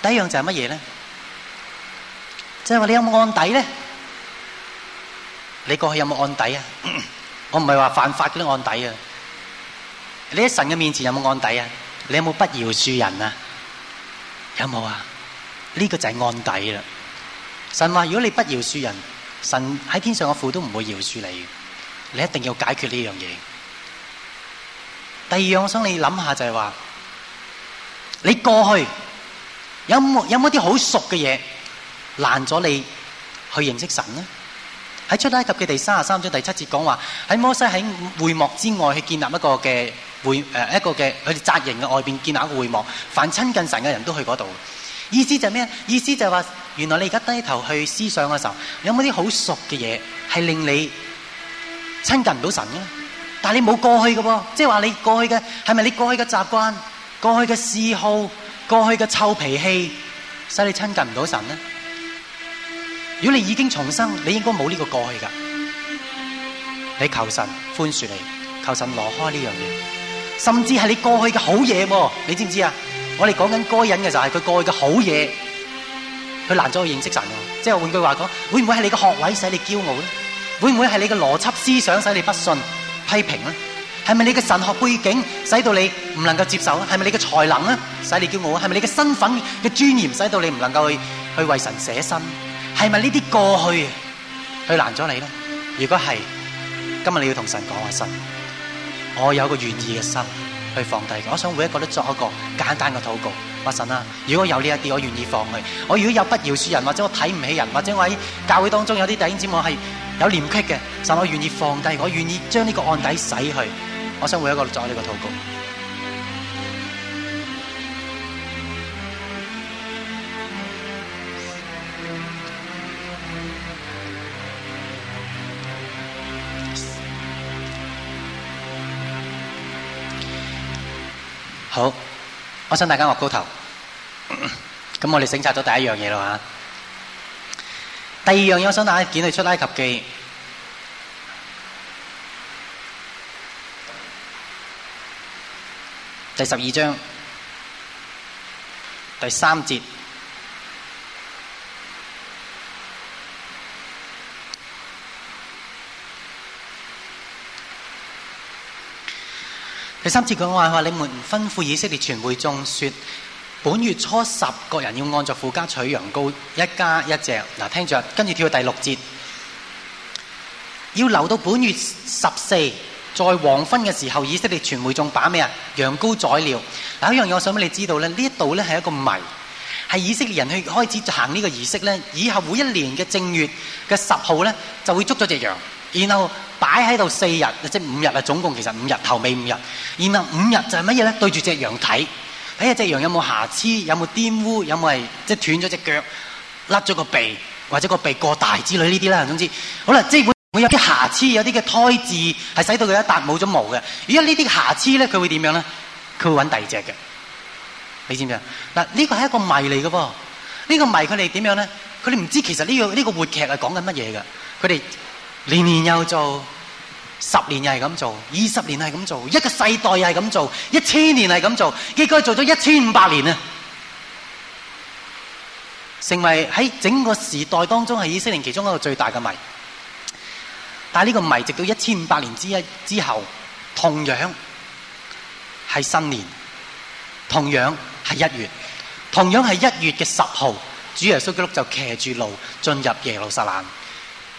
第一樣就係乜嘢呢？即係話你有冇案底呢？你過去有冇案底啊？我唔係話犯法嗰啲案底啊。你喺神嘅面前有冇案底啊？你有冇不饒恕人啊？有冇啊？呢個就係案底啦。神話，如果你不饒恕人，神喺天上嘅父都唔會饒恕你。你一定要解決呢樣嘢。第二樣我想你諗下就係話，你過去有冇，有冇啲好熟嘅嘢難咗你去認識神呢？喺出埃及嘅第三十三章第七節講話，喺摩西喺會幕之外去建立一個嘅。會誒、呃、一個嘅，佢哋紮營嘅外邊建立一個會幕，凡親近神嘅人都去嗰度。意思就咩？意思就係話，原來你而家低頭去思想嘅時候，有冇啲好熟嘅嘢係令你親近唔到神嘅？但係你冇過去嘅噃、哦，即係話你過去嘅，係咪你過去嘅習慣、過去嘅嗜好、過去嘅臭脾氣，使你親近唔到神呢？如果你已經重生，你應該冇呢個過去噶。你求神寬恕你，求神挪開呢樣嘢。甚至係你過去嘅好嘢，你知唔知啊？我哋講緊該隱嘅就係佢過去嘅好嘢，佢難咗去認識神。即係換句話講，會唔會係你嘅學位使你驕傲咧？會唔會係你嘅邏輯思想使你不信批評咧？係咪你嘅神學背景使到你唔能夠接受咧？係咪你嘅才能咧使你驕傲？係咪你嘅身份嘅尊嚴使到你唔能夠去去為神捨身？係咪呢啲過去佢難咗你咧？如果係，今日你要同神講啊，神。我有一個願意嘅心去放低，我想每一個都作一個簡單嘅禱告。阿神啊，如果有呢一啲，我願意放棄；我如果有不饒恕人，或者我睇唔起人，或者我喺教會當中有啲弟兄姊妹係有廉恥嘅，但我願意放低，我願意將呢個案底洗去。我想每一個都作呢個禱告。好，我想大家我高頭，咁我哋審查咗第一樣嘢啦，第二樣嘢我想大家見佢出埃及記第十二章第三節。第三節講話你們吩咐以色列全會眾說：本月初十，各人要按着父家取羊羔，一家一隻。嗱，聽著，跟住跳去第六節，要留到本月十四，在黃昏嘅時候，以色列全會眾把咩啊羊羔宰了。嗱，一樣嘢我想俾你知道呢，一度咧係一個謎，係以色列人去開始行呢個儀式呢，以後每一年嘅正月嘅十號呢，就會捉咗隻羊，然後。擺喺度四日，即係五日啊！總共其實五日，頭尾五日。然後五日就係乜嘢咧？對住隻羊睇，睇下隻羊有冇瑕疵，有冇玷污，有冇係即係斷咗隻腳、甩咗個鼻，或者個鼻過大之類呢啲啦。總之，好啦，即係會有啲瑕疵，有啲嘅胎痣係使到佢一笪冇咗毛嘅。而家呢啲瑕疵咧，佢會點樣咧？佢會揾第二隻嘅。你知唔知啊？嗱，呢個係一個謎嚟嘅噃。呢個謎佢哋點樣咧？佢哋唔知其實呢個呢個活劇係講緊乜嘢嘅。佢哋年年又做。十年又係咁做，二十年又係咁做，一個世代又係咁做，一千年係咁做，結果做咗一千五百年啊！成為喺整個時代當中，係以色列其中一個最大嘅謎。但係呢個謎直到一千五百年之一之後，同樣係新年，同樣係一月，同樣係一月嘅十號，主耶穌基督就騎住驢進入耶路撒冷。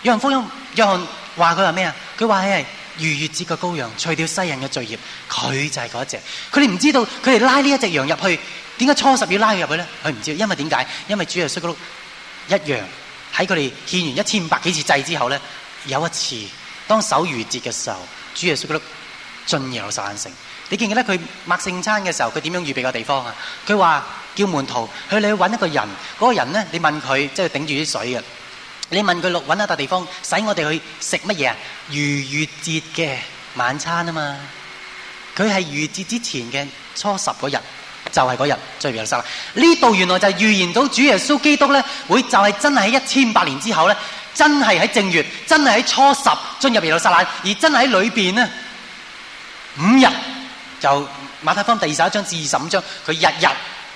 約翰福音，約翰話佢話咩啊？佢話係係逾越節嘅羔羊，除掉世人嘅罪孽，佢就係嗰一隻。佢哋唔知道，佢哋拉呢一隻羊入去，點解初十要拉佢入去咧？佢唔知道，因為點解？因為主耶穌基督一樣喺佢哋獻完一千五百幾次祭之後咧，有一次當守逾越節嘅時候，主耶穌基督進入曬城。你記唔記得佢擘聖餐嘅時候，佢點樣預備個地方啊？佢話叫門徒去，你去揾一個人，嗰、那個人咧，你問佢即係頂住啲水嘅。你問佢六揾一笪地方，使我哋去食乜嘢啊？逾越節嘅晚餐啊嘛，佢係逾越節之前嘅初十嗰日，就係嗰日進入耶路撒冷，呢度原來就係預言到主耶穌基督咧，會就係真係喺一千百年之後咧，真係喺正月，真係喺初十進入耶路撒冷，而真係喺裏邊呢，五日，就馬太福音第二十一章至二十五章，佢日日。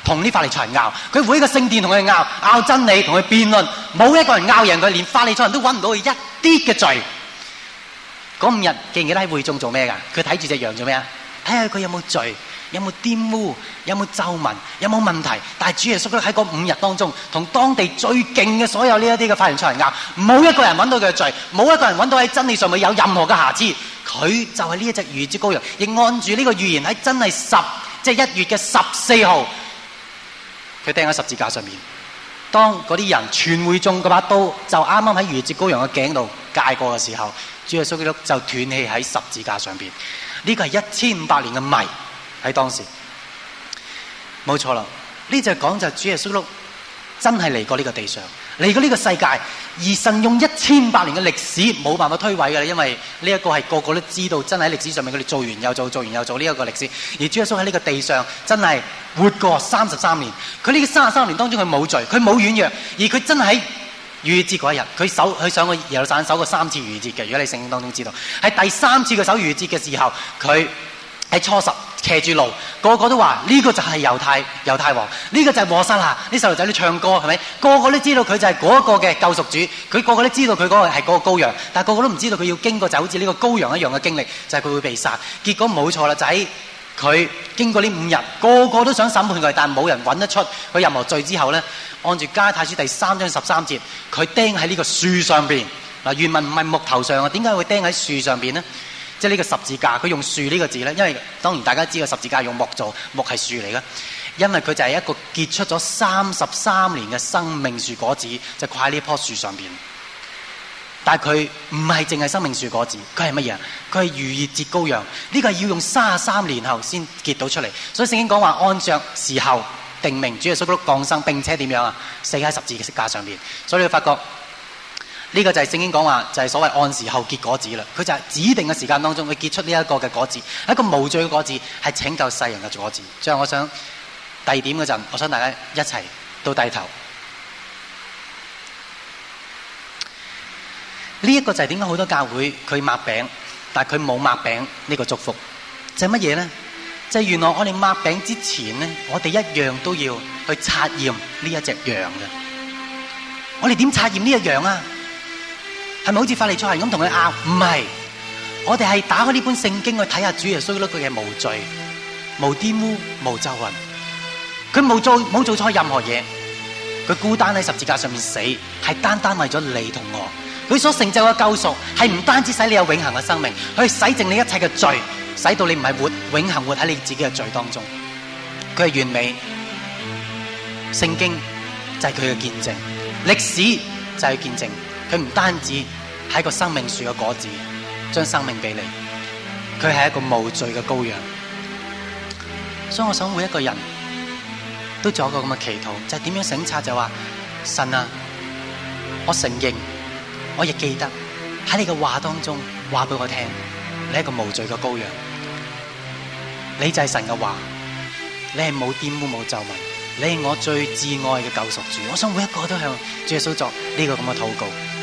同啲法利賽人拗，佢會個聖殿同佢拗，拗真理同佢辯論，冇一個人拗贏佢，連法利賽人都揾唔到佢一啲嘅罪。嗰五日記唔記得喺會眾做咩㗎？佢睇住隻羊做咩啊？睇下佢有冇罪，有冇玷污，有冇皺紋，有冇問題。但係主耶穌喺嗰五日當中，同當地最勁嘅所有呢一啲嘅法利賽人拗，冇一個人揾到佢嘅罪，冇一個人揾到喺真理上面有任何嘅瑕疵。佢就係呢一隻預知羔羊，亦按住呢個預言喺真係十，即係一月嘅十四號。佢掟喺十字架上面，當嗰啲人串會中嗰把刀就啱啱喺逾越節羔羊嘅頸度介過嘅時候，主耶穌基督就斷氣喺十字架上面。呢個係一千五百年嘅謎喺當時，冇錯啦，呢說就講就主耶穌基督真係嚟過呢個地上。嚟過呢個世界，而神用一千百年嘅歷史冇辦法推毀嘅，因為呢一個係個個都知道，真係歷史上面佢哋做完又做，做完又做呢一個歷史。而主耶穌喺呢個地上真係活過三十三年，佢呢個三十三年當中佢冇罪，佢冇軟弱，而佢真係逾節嗰一日，佢守佢上過耶路撒冷守過三次逾節嘅。如果你聖經當中知道，喺第三次佢守逾節嘅時候，佢喺初十騎住驢，個個都話呢、這個就係猶太猶太王，呢、這個就係和散那啦。呢細路仔都唱歌，係咪？個個都知道佢就係嗰個嘅救贖主，佢個個都知道佢嗰個係嗰個羔羊，但係個個都唔知道佢要經過就好似呢個羔羊一樣嘅經歷，就係、是、佢會被殺。結果冇錯啦，就佢經過呢五日，個個都想審判佢，但冇人揾得出佢任何罪。之後咧，按住加太書第三章十三節，佢釘喺呢個樹上面。嗱，原文唔係木頭上啊，點解會釘喺樹上面呢？即係呢個十字架，佢用樹呢個字咧，因為當然大家知個十字架用木做，木係樹嚟噶。因為佢就係一個結出咗三十三年嘅生命樹果子，就掛喺呢棵樹上邊。但係佢唔係淨係生命樹果子，佢係乜嘢？佢係逾越節羔羊。呢、這個係要用三十三年後先結到出嚟。所以聖經講話安葬時候定明主耶穌降生，並且點樣啊？死喺十字嘅色架上邊。所以你會發覺。呢個就係聖經講話，就係、是、所謂按時候結果子啦。佢就係指定嘅時間當中，佢結出呢一個嘅果子，係一個無罪嘅果子，係拯救世人嘅果子。最後我想第二點嗰陣，我想大家一齊都低頭。呢、這、一個就係點解好多教會佢擘餅，但係佢冇擘餅呢個祝福，就係乜嘢咧？就係、是、原來我哋擘餅之前咧，我哋一樣都要去查驗呢一隻羊嘅。我哋點查驗呢隻羊啊？係咪好似法利賽人咁同佢拗？唔係，我哋係打開呢本聖經去睇下主耶穌嗰佢嘅無罪、無玷污、無皺紋，佢冇做冇做錯任何嘢。佢孤單喺十字架上面死，係單單為咗你同我。佢所成就嘅救贖係唔單止使你有永恆嘅生命，去洗淨你一切嘅罪，使到你唔係活永恆活喺你自己嘅罪當中。佢係完美，聖經就係佢嘅見證，歷史就係佢見證，佢唔單止。係個生命樹嘅果子，將生命俾你。佢係一個無罪嘅羔羊，所以我想每一個人都做一個咁嘅祈禱，就係點樣省察就話、是、神啊，我承認，我亦記得喺你嘅話當中話俾我聽，你係一個無罪嘅羔羊，你就係神嘅話，你係冇玷污冇皺紋，你係我最至愛嘅救贖主。我想每一個都向主耶穌作呢個咁嘅禱告。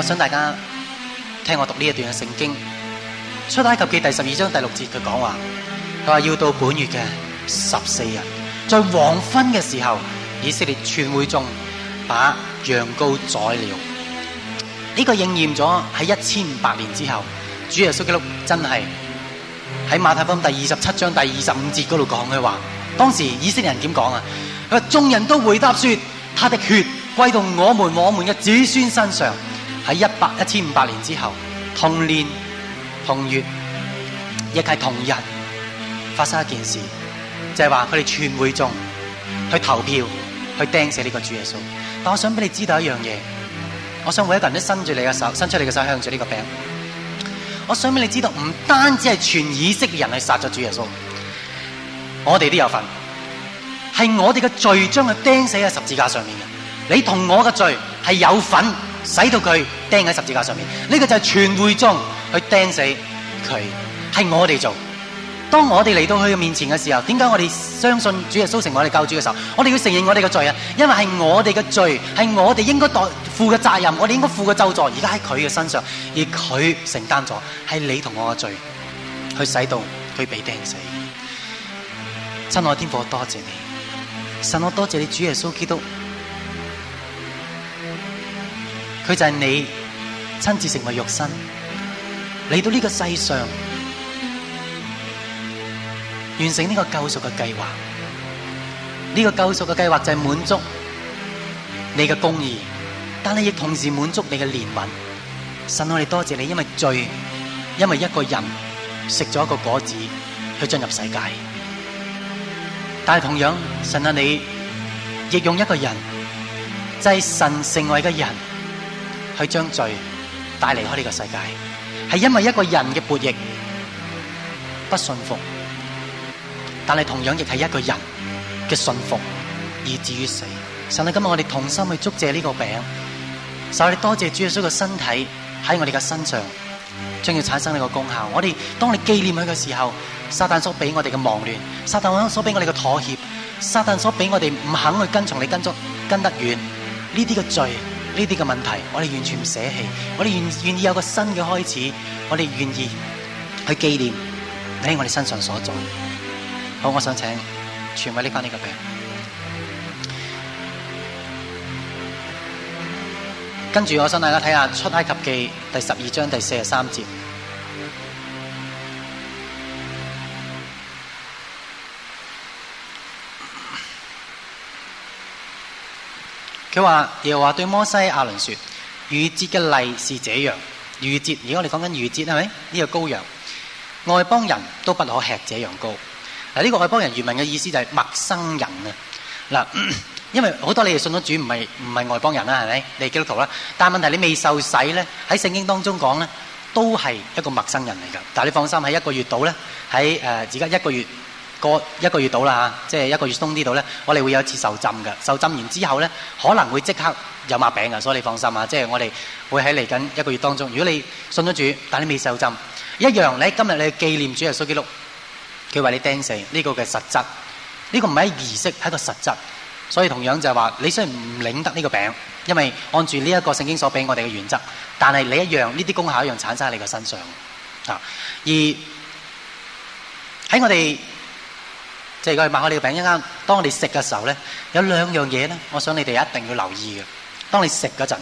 我想大家聽我讀呢一段嘅聖經，出埃及記第十二章第六節。佢講話佢話要到本月嘅十四日，在黃昏嘅時候，以色列全會眾把羊羔宰了。呢、這個應驗咗喺一千五百年之後，主耶穌基督真係喺馬太福音第二十七章第二十五節嗰度講嘅話。當時以色列人點講啊？佢話眾人都回答說：他的血歸到我們、我們嘅子孫身上。喺一百一千五百年之後，同年同月亦係同日發生一件事，就係話佢哋全會眾去投票去釘死呢個主耶穌。但我想俾你知道一樣嘢，我想每一個人都伸住你嘅手，伸出你嘅手向住呢個餅。我想俾你知道，唔單止係全以色列人去殺咗主耶穌，我哋都有份，係我哋嘅罪將佢釘死喺十字架上面嘅。你同我嘅罪係有份。使到佢釘喺十字架上面，呢、這個就係全會眾去釘死佢，係我哋做的。當我哋嚟到佢嘅面前嘅時候，點解我哋相信主耶穌成為我哋救主嘅時候，我哋要承認我哋嘅罪啊！因為係我哋嘅罪，係我哋應該代負嘅責任，我哋應該負嘅咒詛，而家喺佢嘅身上，而佢承擔咗。係你同我嘅罪，去使到佢被釘死。親愛的天父，我多謝你，神我多謝你，主耶穌基督。佢就係你親自成為肉身嚟到呢個世上，完成呢個救贖嘅計劃。呢、這個救贖嘅計劃就係滿足你嘅公義，但係亦同時滿足你嘅憐憫。神我哋多謝你，因為罪，因為一個人食咗一個果子去進入世界，但係同樣，神啊你，你亦用一個人，就係、是、神成為嘅人。佢將罪帶離開呢個世界，係因為一個人嘅悖逆不信服，但係同樣亦係一個人嘅信服以至於死。神啊，今日我哋同心去祝謝呢個餅，所以，多謝主耶穌嘅身體喺我哋嘅身上，將要產生呢個功效。我哋當你紀念佢嘅時候，撒旦所俾我哋嘅忙亂，撒旦所俾我哋嘅妥協，撒旦所俾我哋唔肯去跟從你跟足跟得遠呢啲嘅罪。呢啲嘅問題，我哋完全唔捨棄，我哋願願意有個新嘅開始，我哋願意去紀念喺我哋身上所做。好，我想請全委拎翻呢個表，跟住我想大家睇下《出埃及記》第十二章第四十三節。佢話：又話對摩西亞倫説：逾節嘅例是這樣，逾節而家我哋講緊逾節，係咪？呢個羔羊，外邦人都不可吃這羊羔，嗱，呢個外邦人原文嘅意思就係陌生人啊。嗱，因為好多你哋信咗主唔係唔係外邦人啦，係咪？你基督徒啦，但係問題是你未受洗咧，喺聖經當中講咧，都係一個陌生人嚟㗎。但係你放心，喺一個月度咧，喺誒而家一個月。過一個月到啦吓，即係一個月鬆啲到咧，我哋會有一次受浸嘅。受浸完之後咧，可能會即刻有抹餅嘅，所以你放心啊！即係我哋會喺嚟緊一個月當中，如果你信咗主，但你未受浸，一樣。你今日你嘅紀念主耶穌基督，佢為你釘死呢個嘅實質，呢個唔係儀式，係一個實質。所以同樣就係話，你雖然唔領得呢個餅，因為按住呢一個聖經所俾我哋嘅原則，但係你一樣呢啲功效一樣產生喺你嘅身上啊。而喺我哋。即係我哋擘開呢個餅，一啱當我哋食嘅時候咧，有兩樣嘢咧，我想你哋一定要留意嘅。當你食嗰陣，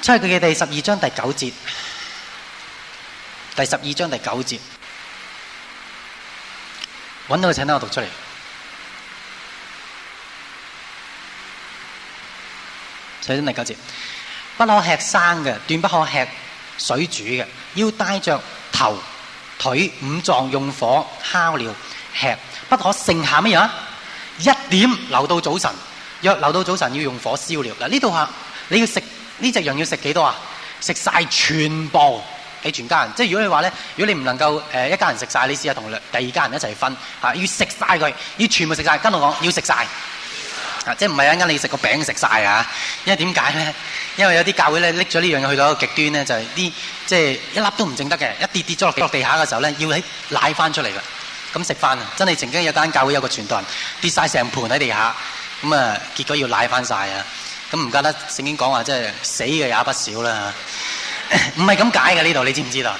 出去佢嘅第十二章第九節，第十二章第九節，揾到請啦，我讀出嚟。睇緊第九節，不可吃生嘅，斷不可吃水煮嘅，要帶着頭腿五臟用火烤了吃，不可剩下乜嘢，一點留到早晨。若留到早晨，要用火燒了。嗱，呢度吓，你要食呢隻羊要食幾多啊？食晒全部俾全家人。即係如果你話咧，如果你唔能夠、呃、一家人食晒，你試下同第二家人一齊分、啊、要食晒佢，要全部食晒。跟住講要食晒。啊！即係唔係一間你食個餅食晒啊？因為點解咧？因為有啲教會咧，拎咗呢樣嘢去到一個極端咧，就係啲即係一粒都唔剩得嘅，一跌跌咗落落地下嘅時候咧，要喺攋翻出嚟㗎。咁食翻啊！真係曾經有間教會有個傳道人跌晒成盤喺地下，咁、嗯、啊，結果要攋翻晒啊！咁唔怪得聖經講話，即係死嘅也不少啦。唔係咁解嘅呢度，你知唔知道？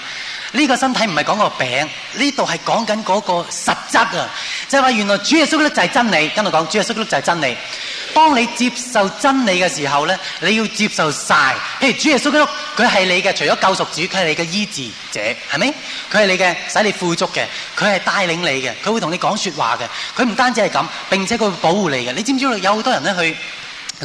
呢個身體唔係講個餅，呢度係講緊嗰個實質啊！就係話原來主耶穌基督就係真理，跟住講主耶穌基督就係真理。當你接受真理嘅時候咧，你要接受晒。譬如主耶穌基督，佢係你嘅，除咗救贖主，佢係你嘅醫治者，係咪？佢係你嘅使你富足嘅，佢係帶領你嘅，佢會同你講説話嘅，佢唔單止係咁，並且佢會保護你嘅。你知唔知道有好多人咧去？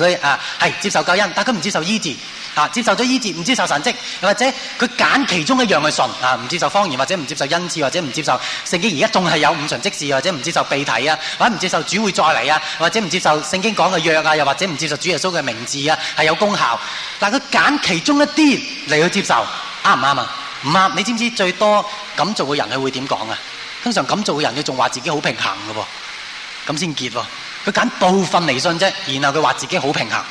佢啊，係接受救恩，但佢唔接受醫治，嚇接受咗醫治唔接受神蹟，又或者佢揀其中一樣嘅信，啊唔接受方言，或者唔接受恩賜，或者唔接受聖經。而家仲係有五旬節事，或者唔接受被提啊，或者唔接受主會再嚟啊，或者唔接受聖經講嘅約啊，又或者唔接受主耶穌嘅名字啊，係有功效。但佢揀其中一啲嚟去接受，啱唔啱啊？唔啱。你知唔知最多咁做嘅人佢會點講啊？通常咁做嘅人佢仲話自己好平衡嘅噃，咁先結喎。佢揀部分離訊啫，然後佢話自己好平衡，呢、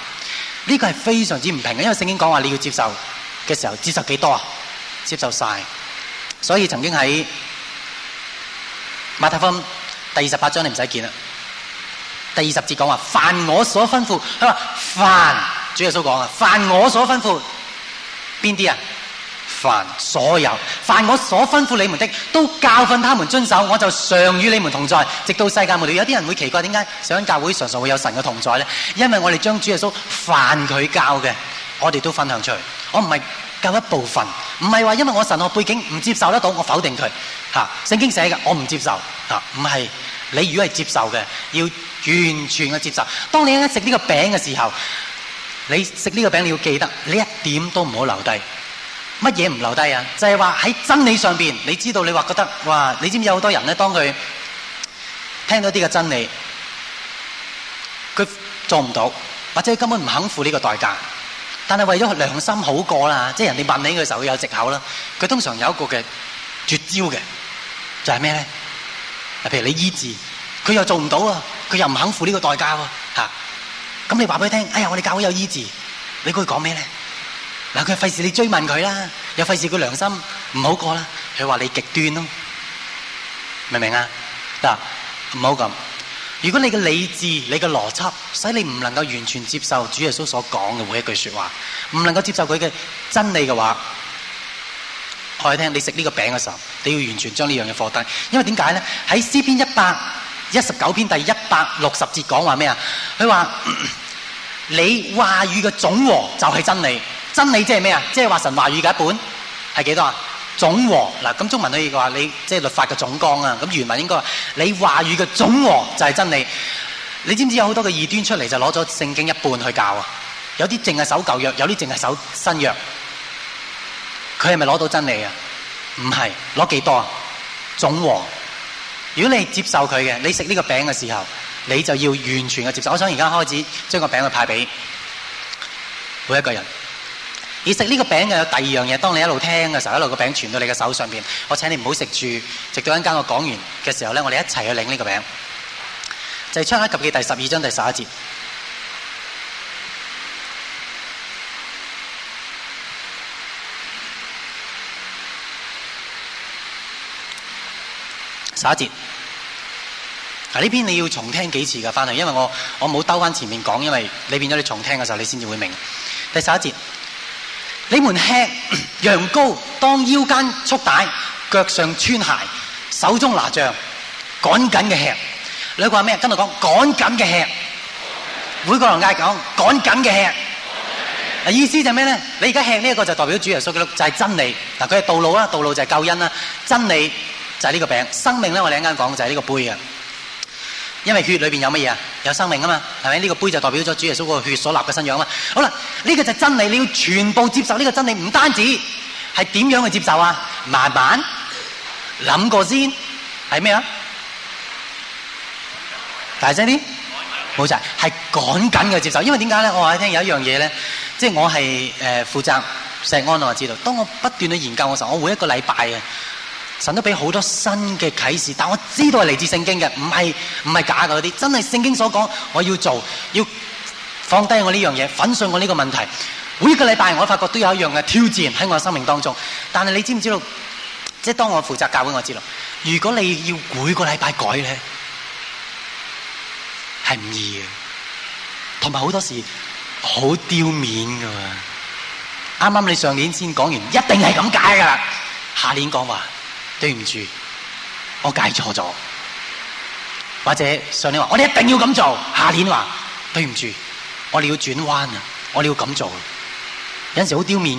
這個係非常之唔平嘅。因為聖經講話你要接受嘅時候，接受幾多啊？接受晒。所以曾經喺馬太福音第二十八章你唔使見啦。第二十節講話，凡我所吩咐，佢話凡主耶穌講啊，凡我所吩咐邊啲啊？凡所有，凡我所吩咐你們的，都教訓他們遵守，我就常與你們同在，直到世界末了。有啲人會奇怪，點解上教會常常會有神嘅同在呢？因為我哋將主耶穌凡佢教嘅，我哋都分享出去。我唔係教一部分，唔係話因為我神學背景唔接受得到，我否定佢。吓、啊，聖經寫嘅，我唔接受。吓、啊，唔係你如果係接受嘅，要完全嘅接受。當你一食呢個餅嘅時候，你食呢個餅你要記得，你一點都唔好留低。乜嘢唔留低啊？就係話喺真理上邊，你知道你話覺得哇？你知唔知有好多人咧？當佢聽到啲嘅真理，佢做唔到，或者佢根本唔肯付呢個代價。但係為咗良心好過啦，即係人哋問你嘅時候會有藉口啦。佢通常有一個嘅絕招嘅，就係咩咧？譬如你醫治，佢又做唔到啊，佢又唔肯付呢個代價吓。咁、啊、你話俾佢聽，哎呀，我哋教會有醫治，你估佢講咩咧？嗱，佢費事你追問佢啦，又費事佢良心唔好過啦。佢話你極端咯，明唔明啊？嗱，唔好咁。如果你嘅理智、你嘅邏輯，使你唔能夠完全接受主耶穌所講嘅每一句說話，唔能夠接受佢嘅真理嘅話，我哋聽你食呢個餅嘅時候，你要完全將呢樣嘢放低。因為點解咧？喺詩篇一百一十九篇第一百六十節講話咩啊？佢話你話語嘅總和就係真理。真理即係咩啊？即係話神話語嘅一本係幾多啊？總和。嗱，咁中文可以話你即係律法嘅總綱啊。咁原文應該話你話語嘅總和就係真理。你知唔知道有好多嘅異端出嚟就攞咗聖經一半去教啊？有啲淨係守舊約，有啲淨係守新約。佢係咪攞到真理啊？唔係，攞幾多啊？總和。如果你接受佢嘅，你食呢個餅嘅時候，你就要完全嘅接受。我想而家開始將個餅去派俾每一個人。而食呢個餅嘅有第二樣嘢，當你一路聽嘅時候，一路個餅傳到你嘅手上邊，我請你唔好食住，直到陣間我講完嘅時候咧，我哋一齊去領呢個餅。就係出埃及記第十二章第十一節。十一節。啊，呢邊你要重聽幾次嘅翻去，因為我我冇兜翻前面講，因為你變咗你重聽嘅時候，你先至會明。第十一節。你們吃羊羔，當腰間束帶，腳上穿鞋，手中拿杖，趕緊嘅吃。你嘅話咩？跟住講趕緊嘅吃。每個人嗌，講趕緊嘅吃。嗱意思就係咩咧？你而家吃呢一個就代表主耶穌嘅，就係真理。嗱，佢係道路啦，道路就係救恩啦，真理就係呢個餅，生命咧我哋啱啱講就係呢個杯嘅。因為血裏邊有乜嘢啊？有生命啊嘛，係咪？呢個杯就代表咗主耶穌個血所立嘅信仰啊嘛。好啦，呢個就係真理，你要全部接受呢個真理，唔單止係點樣去接受啊？慢慢諗過先係咩啊？大聲啲，冇錯話，係趕緊嘅接受。因為點解咧？我話你聽有一樣嘢咧，即係我係誒負責石安啊，我知道。當我不斷去研究嘅時候，我會一個禮拜啊。神都俾好多新嘅啟示，但我知道係嚟自聖經嘅，唔係唔係假噶嗰啲，真係聖經所講。我要做，要放低我呢樣嘢，粉碎我呢個問題。每一個禮拜我都發覺都有一樣嘅挑戰喺我嘅生命當中。但係你知唔知道？即係當我負責教會我知道，如果你要每個禮拜改咧，係唔易嘅，同埋好多時好丟面噶嘛。啱啱你上年先講完，一定係咁解噶啦。下年講話。對唔住，我解錯咗，或者上年話我哋一定要咁做，下年話對唔住，我哋要轉彎啊，我哋要咁做，有陣時好丟面，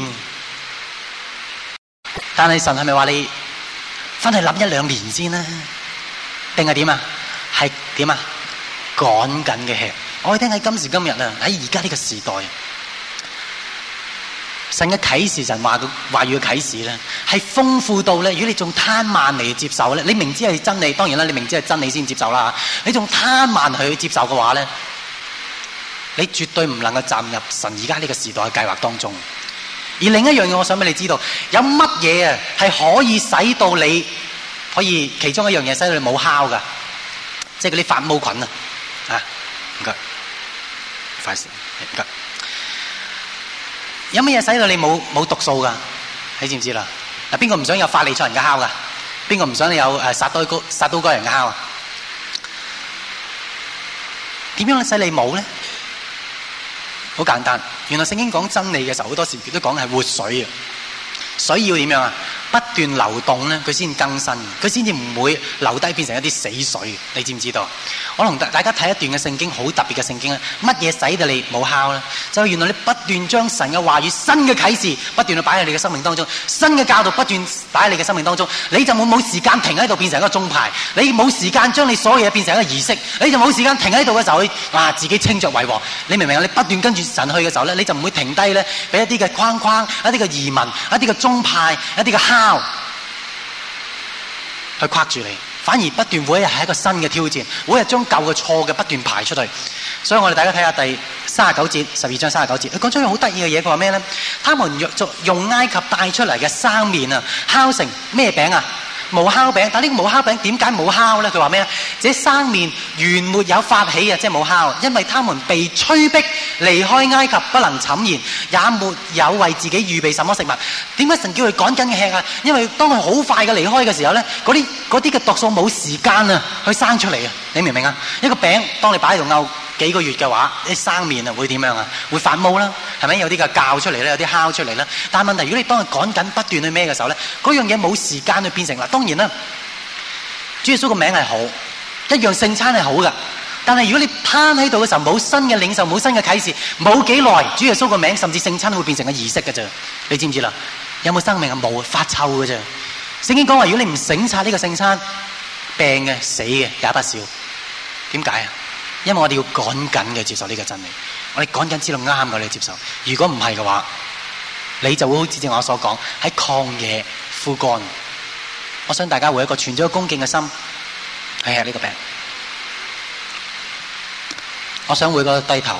但係神係咪話你返去諗一兩年先呢？定係點啊？係點啊？趕緊嘅吃，我聽喺今時今日啊，喺而家呢個時代。神嘅啟示，神話嘅話語嘅啟示咧，係豐富到咧。如果你仲貪慢嚟接受咧，你明知係真理，當然啦，你明知係真理先接受啦。你仲貪慢去接受嘅話咧，你絕對唔能夠站入神而家呢個時代嘅計劃當中。而另一樣嘢，我想俾你知道，有乜嘢啊係可以使到你可以其中一樣嘢使到你冇酵噶，即係嗰啲發酵菌啊啊，唔該，快啲，唔該。有乜嘢使到你冇冇毒素㗎？你知唔知啦？嗱，邊個唔想有法利賽人嘅酵㗎？邊個唔想你有誒撒都該撒都該人嘅酵？點樣使你冇咧？好簡單，原來聖經講真理嘅時候，好多時佢都講係活水啊！水要點樣啊？不斷流動咧，佢先更新，佢先至唔會留低變成一啲死水。你知唔知道？可能大家睇一段嘅聖經，好特別嘅聖經咧，乜嘢使到你冇敲咧？就係原來你不斷將神嘅話語、新嘅啟示不斷去擺喺你嘅生命當中，新嘅教導不斷擺喺你嘅生命當中，你就冇冇時間停喺度變成一個宗派，你冇時間將你所有嘢變成一個儀式，你就冇時間停喺度嘅時候，哇、啊！自己稱着為王，你明唔明啊？你不斷跟住神去嘅時候咧，你就唔會停低咧，俾一啲嘅框框、一啲嘅移民，一啲嘅宗派、一啲嘅去框住你，反而不斷每日係一個新嘅挑戰，每日將舊嘅錯嘅不斷排出嚟。所以我哋大家睇下第三十九節，十二章三十九節，佢講咗啲好得意嘅嘢。佢話咩咧？他們用用埃及帶出嚟嘅生麵啊，烤成咩餅啊？無酵餅，但呢個無酵餅點解冇酵咧？佢話咩？這生麵原沒有發起啊，即係冇酵，因為他們被催逼離開埃及，不能耽延，也沒有為自己預備什麼食物。點解神叫佢趕緊吃啊？因為當佢好快嘅離開嘅時候咧，嗰啲嗰啲嘅毒素冇時間啊，去生出嚟啊！你明唔明啊？一個餅當你擺喺度漚。幾個月嘅話，啲生麵啊會點樣啊？會發毛啦，係咪有啲嘅教出嚟咧，有啲敲出嚟啦。但問題如果你幫佢趕緊不斷去孭嘅時候咧，嗰樣嘢冇時間去變成啦。當然啦，主耶穌個名係好，一樣聖餐係好嘅。但係如果你趴喺度嘅時候冇新嘅領受，冇新嘅啟示，冇幾耐，主耶穌個名甚至聖餐都會變成個儀式嘅啫。你知唔知啦？有冇生命啊？冇，發臭嘅啫。聖經講話，如果你唔醒察呢個聖餐，病嘅死嘅也不少。點解啊？因為我哋要趕緊嘅接受呢個真理，我哋趕緊知道啱我哋接受。如果唔係嘅話，你就會好似正我所講，喺曠野枯乾。我想大家會一個存咗恭敬嘅心睇下呢個病。我想會個低頭。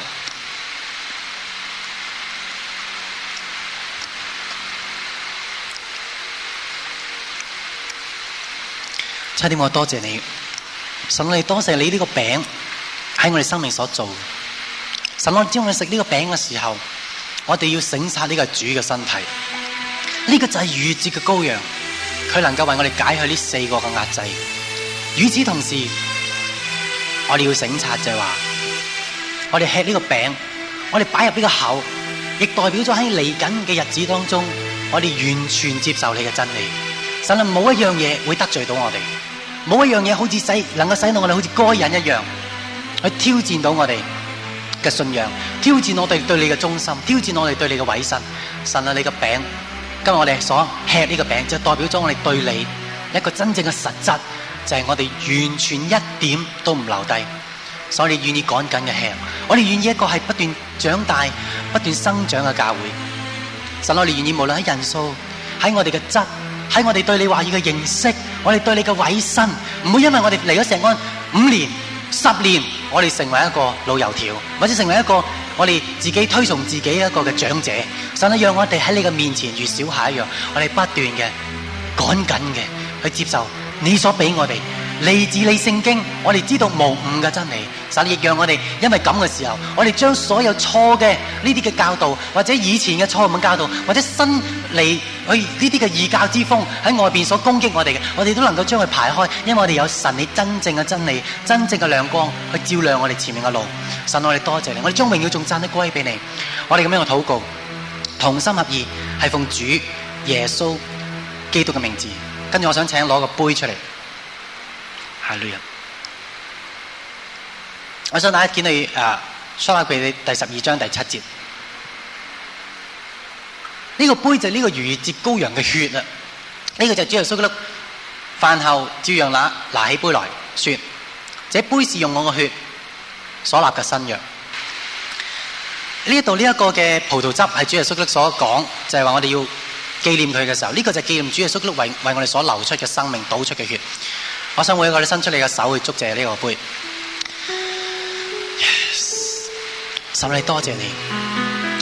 差點，我多謝你，神，你多謝你呢個餅。喺我哋生命所做，神啊！當我哋食呢個餅嘅時候，我哋要省察呢個主嘅身體，呢、這個就係逾越嘅羔羊，佢能夠為我哋解開呢四個嘅壓制。與此同時，我哋要省察就係話，我哋吃呢個餅，我哋擺入呢個口，亦代表咗喺嚟緊嘅日子當中，我哋完全接受你嘅真理。神啊，冇一樣嘢會得罪到我哋，冇一樣嘢好似使能夠使到我哋好似該人一樣。去挑戰到我哋嘅信仰，挑戰我哋對你嘅忠心，挑戰我哋對你嘅委身。神啊，你嘅餅，今日我哋所吃呢個餅，就是、代表咗我哋對你一個真正嘅實質，就係、是、我哋完全一點都唔留低。所以，我哋願意趕緊嘅吃。我哋願意一個係不斷長大、不斷生長嘅教會。神、啊你我我你，我哋願意無論喺人數、喺我哋嘅質、喺我哋對你話語嘅認識、我哋對你嘅委身，唔會因為我哋嚟咗成安五年。十年，我哋成為一個老油條，或者成為一個我哋自己推崇自己一個嘅長者，甚至讓我哋喺你嘅面前如小孩一樣，我哋不斷嘅、趕緊嘅去接受你所俾我哋。嚟自你聖經，我哋知道無誤嘅真理。神亦讓我哋，因為咁嘅時候，我哋將所有錯嘅呢啲嘅教導，或者以前嘅錯誤嘅教導，或者新嚟去呢啲嘅異教之風喺外邊所攻擊我哋嘅，我哋都能夠將佢排開，因為我哋有神你真正嘅真理、真正嘅亮光，去照亮我哋前面嘅路。神，我哋多謝你，我哋將榮耀仲讚得歸俾你。我哋咁樣嘅禱告，同心合意係奉主耶穌基督嘅名字。跟住我想請攞個杯出嚟。係女人， (music) 我想大家見你啊，收返佢哋第十二章第七節。呢個杯就係呢個逾越節羔羊嘅血啦。呢個就係主耶穌基督。飯後照樣拿，拿起杯來說，這杯是用我嘅血所立嘅新約。呢度呢一個嘅葡萄汁係主耶穌基督所講，就係話我哋要紀念佢嘅時候，呢個就係紀念主耶穌基督為我哋所流出嘅生命、倒出嘅血。我想會，我哋伸出你嘅手去祝謝，呢個杯。Yes. 神，你多謝你，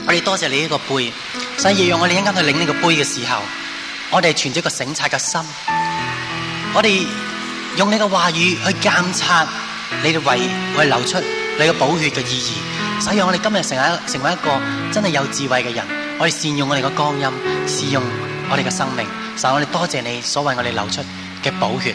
我哋多謝你呢個杯。所以，讓我哋一陣間去領呢個杯嘅時候，我哋存咗個省察嘅心，我哋用你嘅話語去監察你哋胃，為我哋流出你嘅寶血嘅意義。所以，我哋今日成一成為一個真係有智慧嘅人，我哋善用我哋嘅光陰，善用我哋嘅生命。所以我哋多謝你所為我哋流出嘅寶血。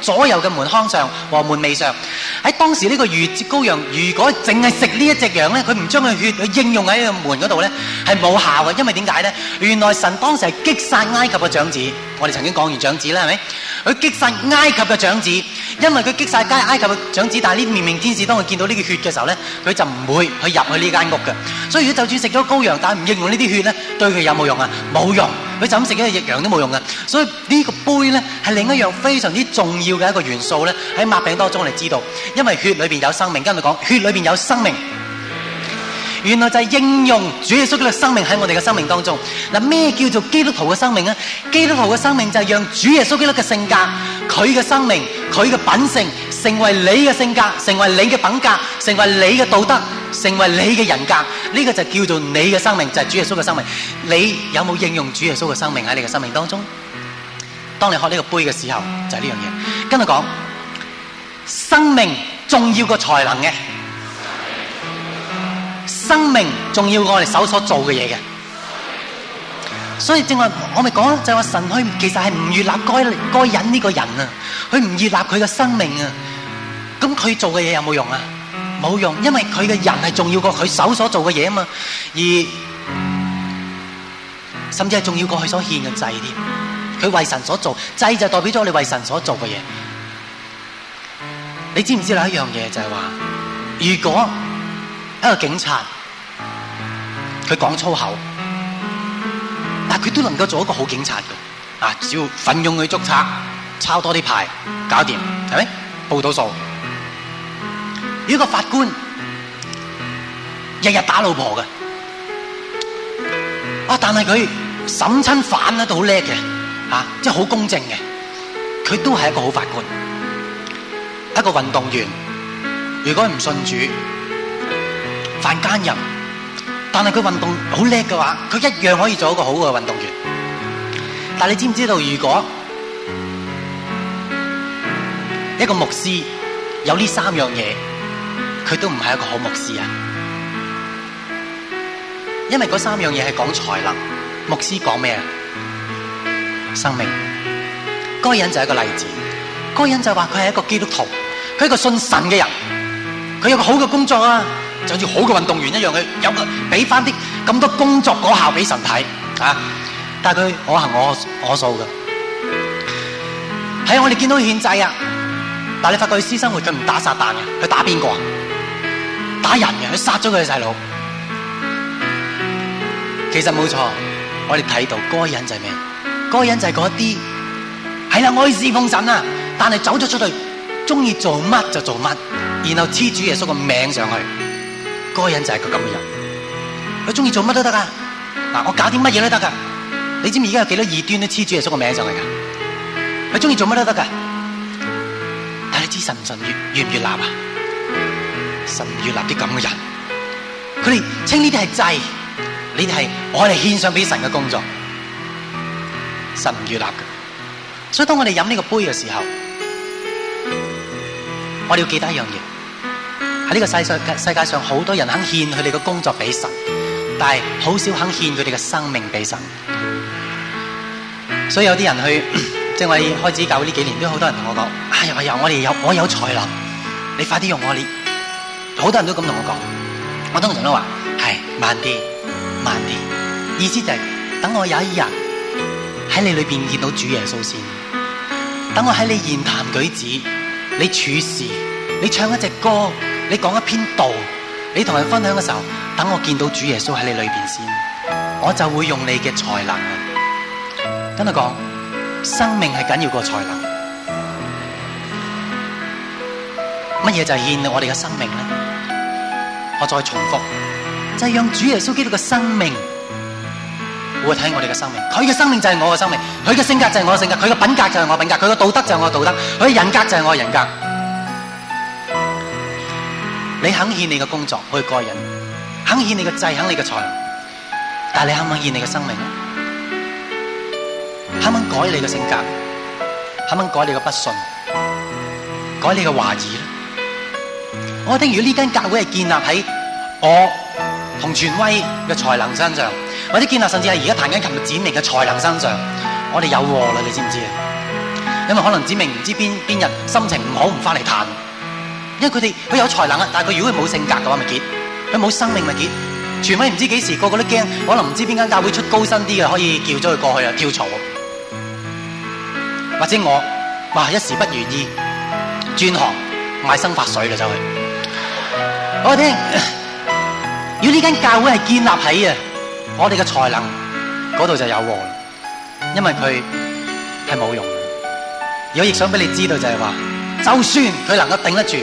左右嘅門框上和門楣上，喺當時呢個逾越羔羊，如果淨係食呢一隻羊咧，佢唔將佢血去應用喺個門嗰度咧，係冇效嘅。因為點解咧？原來神當時係擊殺埃及嘅長子，我哋曾經講完長子啦，係咪？佢擊殺埃及嘅長子，因為佢擊殺街埃及嘅長子，但係呢滅命天使當佢見到呢個血嘅時候咧，佢就唔會去入去呢間屋嘅。所以如果就算食咗羔羊，但係唔應用呢啲血咧，對佢有冇用啊？冇用。佢就咁食一隻羊都冇用嘅，所以呢個杯咧，係另一樣非常之重要嘅一個元素咧。喺擘餅當中我哋知道，因為血裏邊有生命，跟住講血裏邊有生命，原來就係應用主耶穌基督嘅生命喺我哋嘅生命當中。嗱，咩叫做基督徒嘅生命咧？基督徒嘅生命就係讓主耶穌基督嘅性格、佢嘅生命、佢嘅品性，成為你嘅性格，成為你嘅品格，成為你嘅道德。成為你嘅人格，呢個就叫做你嘅生命，就係主耶穌嘅生命。你有冇應用主耶穌嘅生命喺你嘅生命當中？當你飲呢個杯嘅時候，就係呢樣嘢。跟住講，生命重要過才能嘅，生命重要過我哋手所做嘅嘢嘅。所以正話，我咪講就話神去其實係唔悅納該該隱呢個人啊，佢唔悅納佢嘅生命啊，咁佢做嘅嘢有冇用啊？冇用，因為佢嘅人係重要過佢手所做嘅嘢啊嘛，而甚至係重要過佢所獻嘅祭添。佢為神所做，祭就代表咗你為神所做嘅嘢。你知唔知道一樣嘢就係話，如果一個警察佢講粗口，但係佢都能夠做一個好警察嘅，啊，只要奮勇去捉賊，抄多啲牌，搞掂，係咪報到數？如果一個法官日日打老婆嘅，啊！但係佢審親犯得到好叻嘅，啊，即係好公正嘅，佢都係一個好法官。一個運動員，如果唔信主犯奸淫，但係佢運動好叻嘅話，佢一樣可以做一個好嘅運動員。但係你知唔知道，如果一個牧師有呢三樣嘢？佢都唔係一個好牧師啊，因為嗰三樣嘢係講才能，牧師講咩啊？生命。嗰人就係一個例子，嗰人就話佢係一個基督徒，佢係一個信神嘅人，佢有個好嘅工作啊，就像好似好嘅運動員一樣，佢有佢俾翻啲咁多工作果效俾神睇啊，但係佢我行我我素嘅。係我哋見到佢欠債啊，但係你發覺佢私生活佢唔打撒旦啊，佢打邊個啊？打人嘅，佢殺咗佢細佬。其實冇錯，我哋睇到嗰個人就係咩？嗰個人就係嗰啲，係啦，我係侍奉神啊，但係走咗出去，中意做乜就做乜，然後黐主耶穌個名上去。嗰個人就係個咁嘅人，佢中意做乜都得㗎。嗱，我搞啲乜嘢都得噶。你知唔知而家有幾多異端都黐主耶穌個名上嚟噶？佢中意做乜都得噶。睇你知神唔信越越唔越納啊？神唔悅納啲咁嘅人，佢哋稱呢啲係祭，呢啲係我哋獻上俾神嘅工作，神唔悅納嘅。所以當我哋飲呢個杯嘅時候，我哋要記得一樣嘢：喺呢個世上世界上，好多人肯獻佢哋嘅工作俾神，但係好少肯獻佢哋嘅生命俾神。所以有啲人去，即係我哋開始搞呢幾年，都好多人同我講：啊、哎哎，又又我哋有我有才能，你快啲用我好多人都咁同我講，我通常都話係慢啲，慢啲，意思就係、是、等我有一日喺你裏邊見到主耶穌先，等我喺你言談舉止、你處事、你唱一隻歌、你講一篇道、你同人分享嘅時候，等我見到主耶穌喺你裏邊先，我就會用你嘅才、才能。跟佢講，生命係緊要過才能。乜嘢就係獻我哋嘅生命咧？我再重複，就係、是、讓主耶穌基督嘅生命會睇我哋嘅生命。佢嘅生、生命就係我嘅生命，佢嘅性格就係我嘅性格，佢嘅品格就係我嘅品格，佢嘅道德就係我嘅道德，佢嘅人格就係我嘅人格。你肯獻你嘅工作去改人，肯獻你嘅智，肯你嘅才，但係你肯唔肯獻你嘅生命？肯唔肯改你嘅性格？肯唔肯改你嘅不信？改你嘅懷疑咧？我覺得如果呢間教會係建立喺我同權威嘅才能身上，或者建立甚至係而家彈緊琴日展明嘅才能身上，我哋有禍啦，你知唔知啊？因為可能子明唔知邊邊日心情唔好唔翻嚟彈，因為佢哋佢有才能啊，但係佢如果佢冇性格嘅話咪結，佢冇生命咪結。權威唔知幾時個個都驚，可能唔知邊間教會出高薪啲嘅，可以叫咗佢過去啊跳槽，或者我話一時不願意轉行買生髮水啦走去。我說聽，如果呢間教會係建立喺啊，我哋嘅才能嗰度就有禍，因為佢係冇用嘅。如果亦想俾你知道就係話，就算佢能夠頂得住，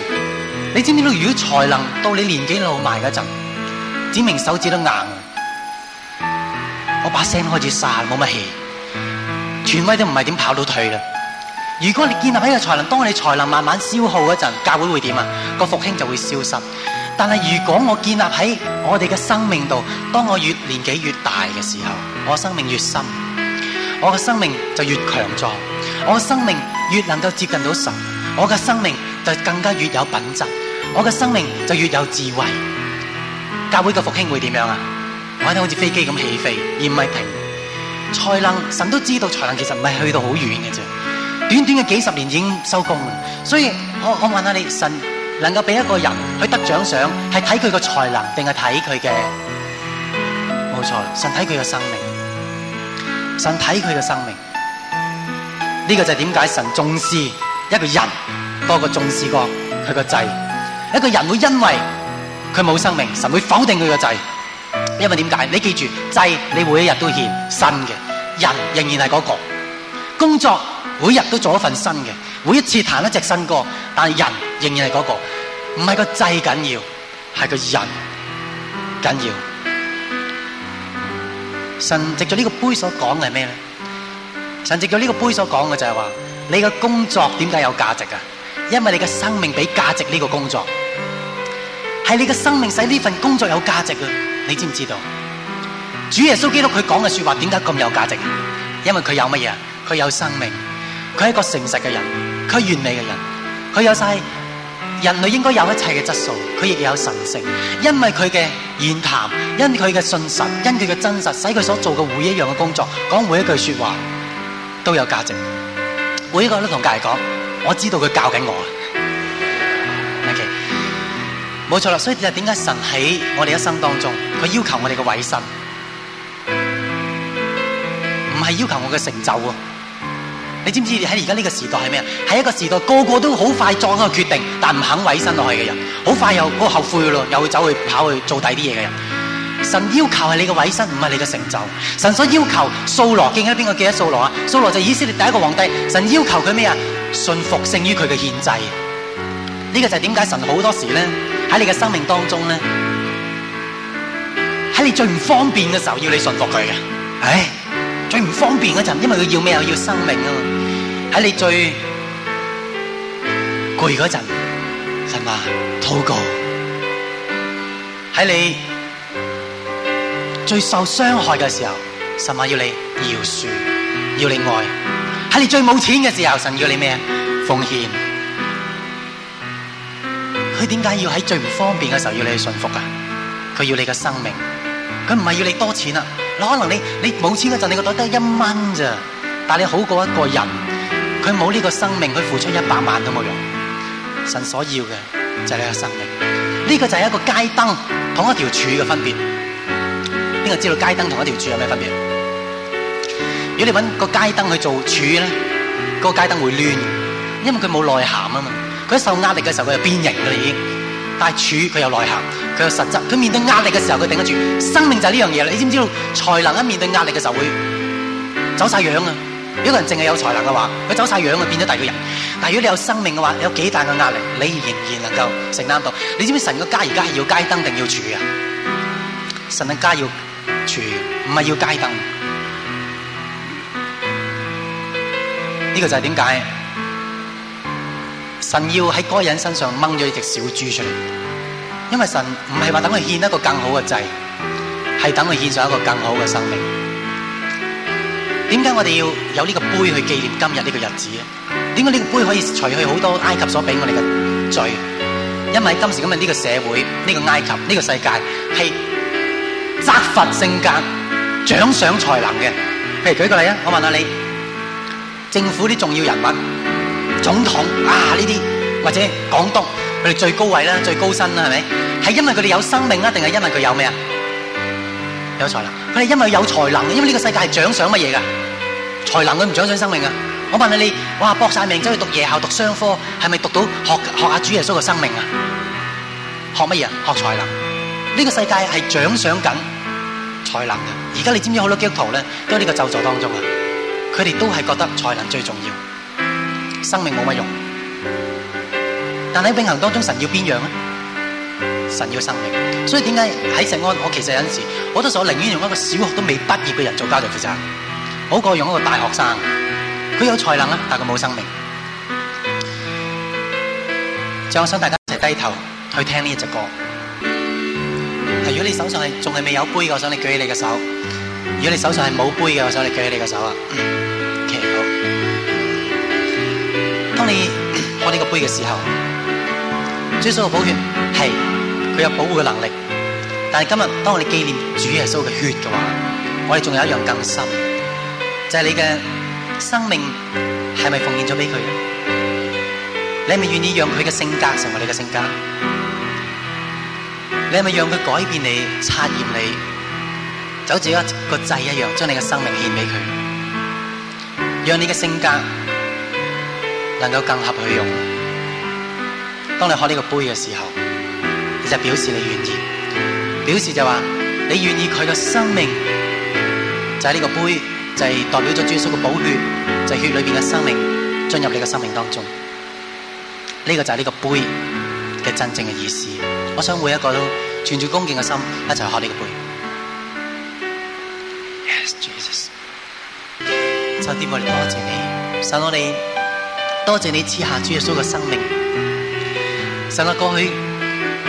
你知唔知道？如果才能到你年紀老埋嗰陣，指明手指都硬，我把聲開始沙，冇乜氣，權威都唔係點跑到退啦。如果你建立喺個才能，當你才能慢慢消耗嗰陣，教會會點啊？個復興就會消失。但係如果我建立喺我哋嘅生命度，當我越年紀越大嘅時候，我生命越深，我嘅生命就越強壯，我嘅生命越能夠接近到神，我嘅生命就更加越有品質，我嘅生命就越有智慧。教會嘅復興會點樣啊？我睇到好似飛機咁起飛而唔係停，才能神都知道才能其實唔係去到好遠嘅啫，短短嘅幾十年已經收工啦。所以我我問下你神。能夠俾一個人去得獎賞，係睇佢個才能，定係睇佢嘅？冇錯，神睇佢嘅生命，神睇佢嘅生命。呢個就係點解神重視一個人，多過重視過佢個祭。一個人會因為佢冇生命，神會否定佢個祭。因為點解？你記住，祭你每一日都獻新嘅，人仍然係嗰個，工作每日都做一份新嘅。每一次彈一隻新歌，但係人仍然係嗰個，唔係個祭緊要，係個人緊要。神藉住呢個杯所講嘅係咩咧？神藉住呢個杯所講嘅就係話，你嘅工作點解有價值啊？因為你嘅生命俾價值呢個工作，係你嘅生命使呢份工作有價值啊！你知唔知道？主耶穌基督佢講嘅說話點解咁有價值？因為佢有乜嘢啊？佢有生命，佢係一個誠實嘅人。佢完美嘅人，佢有晒人類應該有一切嘅質素，佢亦有神性，因為佢嘅言談，因佢嘅信實，因佢嘅真實，使佢所做嘅每一樣嘅工作，講每一句說話都有價值。每一個人都同隔籬講，我知道佢教緊我啊。OK，冇錯啦，所以就係點解神喺我哋一生當中，佢要求我哋嘅委身，唔係要求我嘅成就啊。你知唔知你喺而家呢個時代係咩啊？係一個時代，個個都好快做一個決定，但唔肯委身落去嘅人，好快又好個後悔咯，又會走去跑去做第啲嘢嘅人。神要求係你嘅委身，唔係你嘅成就。神所要求掃羅，掃羅敬喺邊個記啊？掃羅啊！掃羅就是以色列第一個皇帝。神要求佢咩啊？順服勝於佢嘅獻祭。呢、這個就係點解神好多時咧喺你嘅生命當中咧，喺你最唔方便嘅時候要你順服佢嘅。唉、哎，最唔方便嗰陣，因為佢要咩啊？要生命啊！喺你最攰嗰陣，神啊，禱告；喺你最受傷害嘅時候，神啊，要你饒恕；要你愛；喺你最冇錢嘅時候，神要你咩？奉獻。佢點解要喺最唔方便嘅時候要你去信服啊？佢要你嘅生命，佢唔係要你多錢啊！嗱，可能你你冇錢嗰陣，你個袋得一蚊咋，但係你好過一個人。佢冇呢個生命，佢付出一百萬都冇用。神所要嘅就係你個生命。呢、呢個就係一個街燈同一條柱嘅分別。邊個知道街燈同一條柱有咩分別？如果你揾個街燈去做柱咧，嗰、嗰個街燈會亂，因為佢冇內涵啊嘛。佢受壓力嘅時候，佢就變形啦已經。但係柱佢有內涵，佢有，有，有實質，佢面對壓力嘅時候，佢頂得住。生命就係呢樣嘢啦。你知唔知道才能一面對壓力嘅時候會走晒樣啊？如果一個人淨係有才能嘅話，佢走晒樣啊，變咗第二個人。但係如果你有生命嘅話，你有幾大嘅壓力，你仍然能夠承擔到。你知唔知神嘅家而家係要街燈定要住啊？神嘅家要住，唔係要街燈。呢個就係點解神要喺嗰個人身上掹咗一隻小豬出嚟？因為神唔係話等佢獻一個更好嘅祭，係等佢獻上一個更好嘅生命。點解我哋要有呢個杯去紀念今日呢個日子咧？點解呢個杯可以除去好多埃及所俾我哋嘅罪？因為今時今日呢個社會、呢個埃及、呢個世界係責罰性格、獎賞才能嘅。譬如舉個例啊，我問下你，政府啲重要人物、總統啊呢啲，或者港督，佢哋最高位啦，最高薪啦，係咪？係因為佢哋有生命啊，定係因為佢有咩啊？有才能。佢哋因為有才能的，因為呢個世界係獎賞乜嘢噶？才能，佢唔獎賞生命啊！我問下你，哇搏晒命走去讀夜校讀商科，係咪讀到學學下主耶穌嘅生命啊？學乜嘢啊？學才能？呢個世界係獎賞緊才能的。而家你知唔知好多基督徒咧都喺呢個咒助當中啊？佢哋都係覺得才能最重要，生命冇乜用。但喺永恆當中，神要邊樣啊？神要生命，所以點解喺聖安？我其實有陣時，我都想我寧願用一個小學都未畢業嘅人做教理負責，好過用一個大學生，佢有才能啊，但佢冇生命。就我想大家一齊低頭去聽呢一隻歌。如果你手上係仲係未有杯嘅，我想你舉起你嘅手；如果你手上係冇杯嘅，我想你舉起你嘅手啊。嗯、其好，當你開呢個杯嘅時候，最主嘅保全係。佢有保護嘅能力，但係今日當我哋紀念主耶穌嘅血嘅話，我哋仲有一樣更深，就係你嘅生命係咪奉獻咗俾佢啊？你係咪願意讓佢嘅性格成為你嘅性格？你係咪讓佢改變你、察驗你，就好似一個祭一樣，將你嘅生命獻俾佢，讓你嘅性格能夠更合佢用？當你喝呢個杯嘅時候。就表示你願意，表示就話你願意佢嘅生命就係、是、呢個杯，就係、是、代表咗主耶穌嘅寶血，就係、是、血裏邊嘅生命進入你嘅生命當中。呢、這個就係呢個杯嘅真正嘅意思。我想每一個都存住恭敬嘅心一齊喝呢個杯。Yes, Jesus。神父，我哋多謝你，神我哋多謝你賜下主耶穌嘅生命，神我、啊、過去。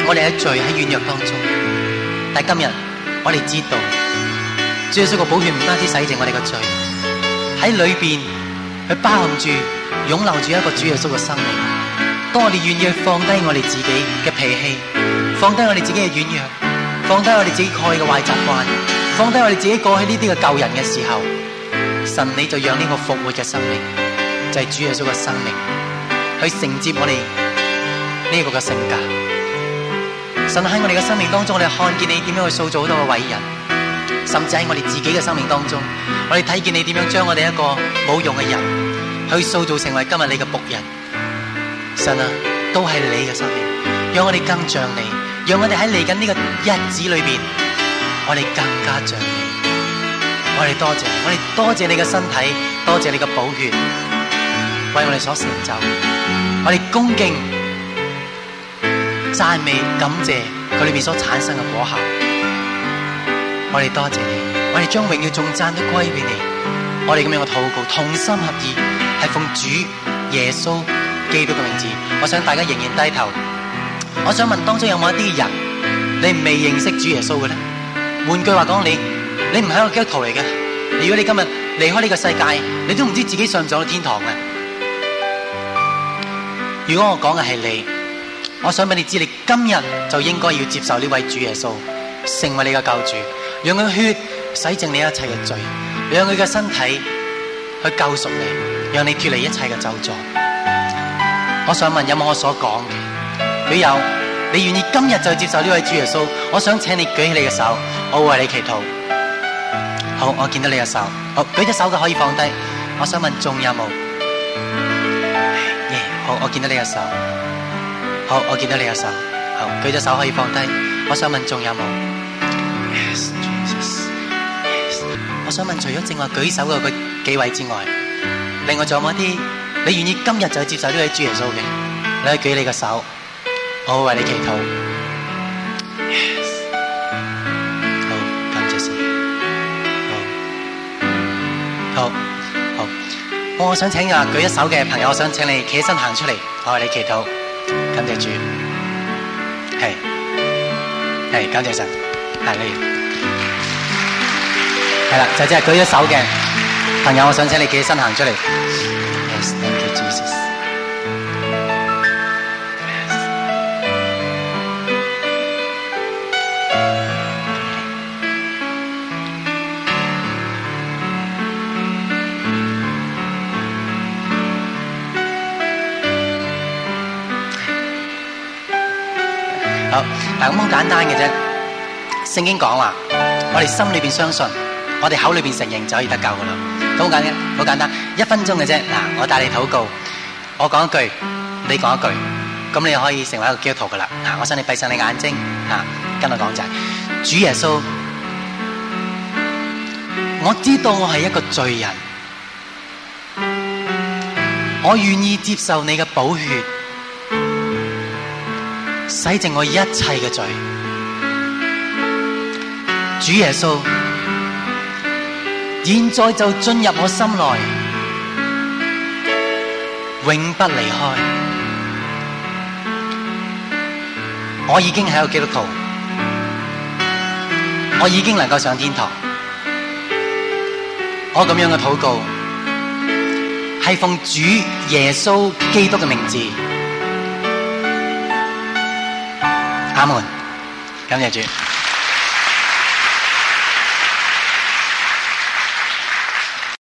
我哋喺罪喺軟弱當中，但係今日我哋知道，主耶穌嘅寶血唔單止洗淨我哋嘅罪，喺裏邊佢包含住、擁留住一個主耶穌嘅生命。當我哋願意放低我哋自己嘅脾氣，放低我哋自己嘅軟弱，放低我哋自己蓋嘅壞習慣，放低我哋自己過去呢啲嘅救人嘅時候，神你就讓呢個復活嘅生命，就係、是、主耶穌嘅生命，去承接我哋呢個嘅性格。神啊，喺我哋嘅生命當中，我哋看見你點樣去塑造好多嘅偉人，甚至喺我哋自己嘅生命當中，我哋睇見你點樣將我哋一個冇用嘅人，去塑造成為今日你嘅僕人。神啊，都係你嘅生命，讓我哋更像你，讓我哋喺嚟緊呢個日子裏邊，我哋更加像你。我哋多謝，我哋多謝你嘅身體，多謝你嘅寶血，為我哋所成就，我哋恭敬。讚美感謝，佢裏面所產生嘅果效，我哋多謝你，我哋將永遠仲讚得歸俾你。我哋咁樣嘅禱告，同心合意，係奉主耶穌基督嘅名字。我想大家仍然低頭。我想問當中有冇一啲人，你未認識主耶穌嘅咧？換句話講，你你唔係一個基督徒嚟嘅。如果你今日離開呢個世界，你都唔知自己上唔上到天堂嘅。如果我講嘅係你。我想俾你知，你今日就應該要接受呢位主耶穌，成為你嘅救主，讓佢嘅血洗淨你一切嘅罪，讓佢嘅身體去救贖你，讓你脫離一切嘅咒詛。我想問有冇我所講嘅？如果有，你願意今日就接受呢位主耶穌？我想請你舉起你嘅手，我會為你祈禱。好，我見到你嘅手，好，舉咗手嘅可以放低。我想問仲有冇？耶，yeah，好，我見到你嘅手。好，我見到你有手，好，舉咗手可以放低。我想問有沒有，仲有冇？我想問，除咗正話舉手嘅嗰幾位之外，另外仲有冇一啲你願意今日就去接受呢位主耶穌嘅？你可以舉你嘅手，我會為你祈禱。Yes. 好，感謝你。好好,好,好，我想請啊舉一手嘅朋友，我想請你企身行出嚟，我為你祈禱。感謝主，係，係感謝神，係，你係啦，就即係舉咗手嘅朋友，我想請你企起身行出嚟。好嗱，咁好簡單嘅啫，聖經講話我哋心裏邊相信，我哋口裏邊承認就可以得救噶啦，好簡單，好簡單，一分鐘嘅啫。嗱，我帶你禱告，我講一句，你講一句，咁你可以成為一個基督徒噶啦嗱，我想你閉上你眼睛，吓，跟我講就係主耶穌，我知道我係一個罪人，我願意接受你嘅寶血。洗淨我一切嘅罪，主耶穌，現在就進入我心內，永不離開。我已經係個基督徒，我已經能夠上天堂。我咁樣嘅禱告，係奉主耶穌基督嘅名字。他們，感謝主。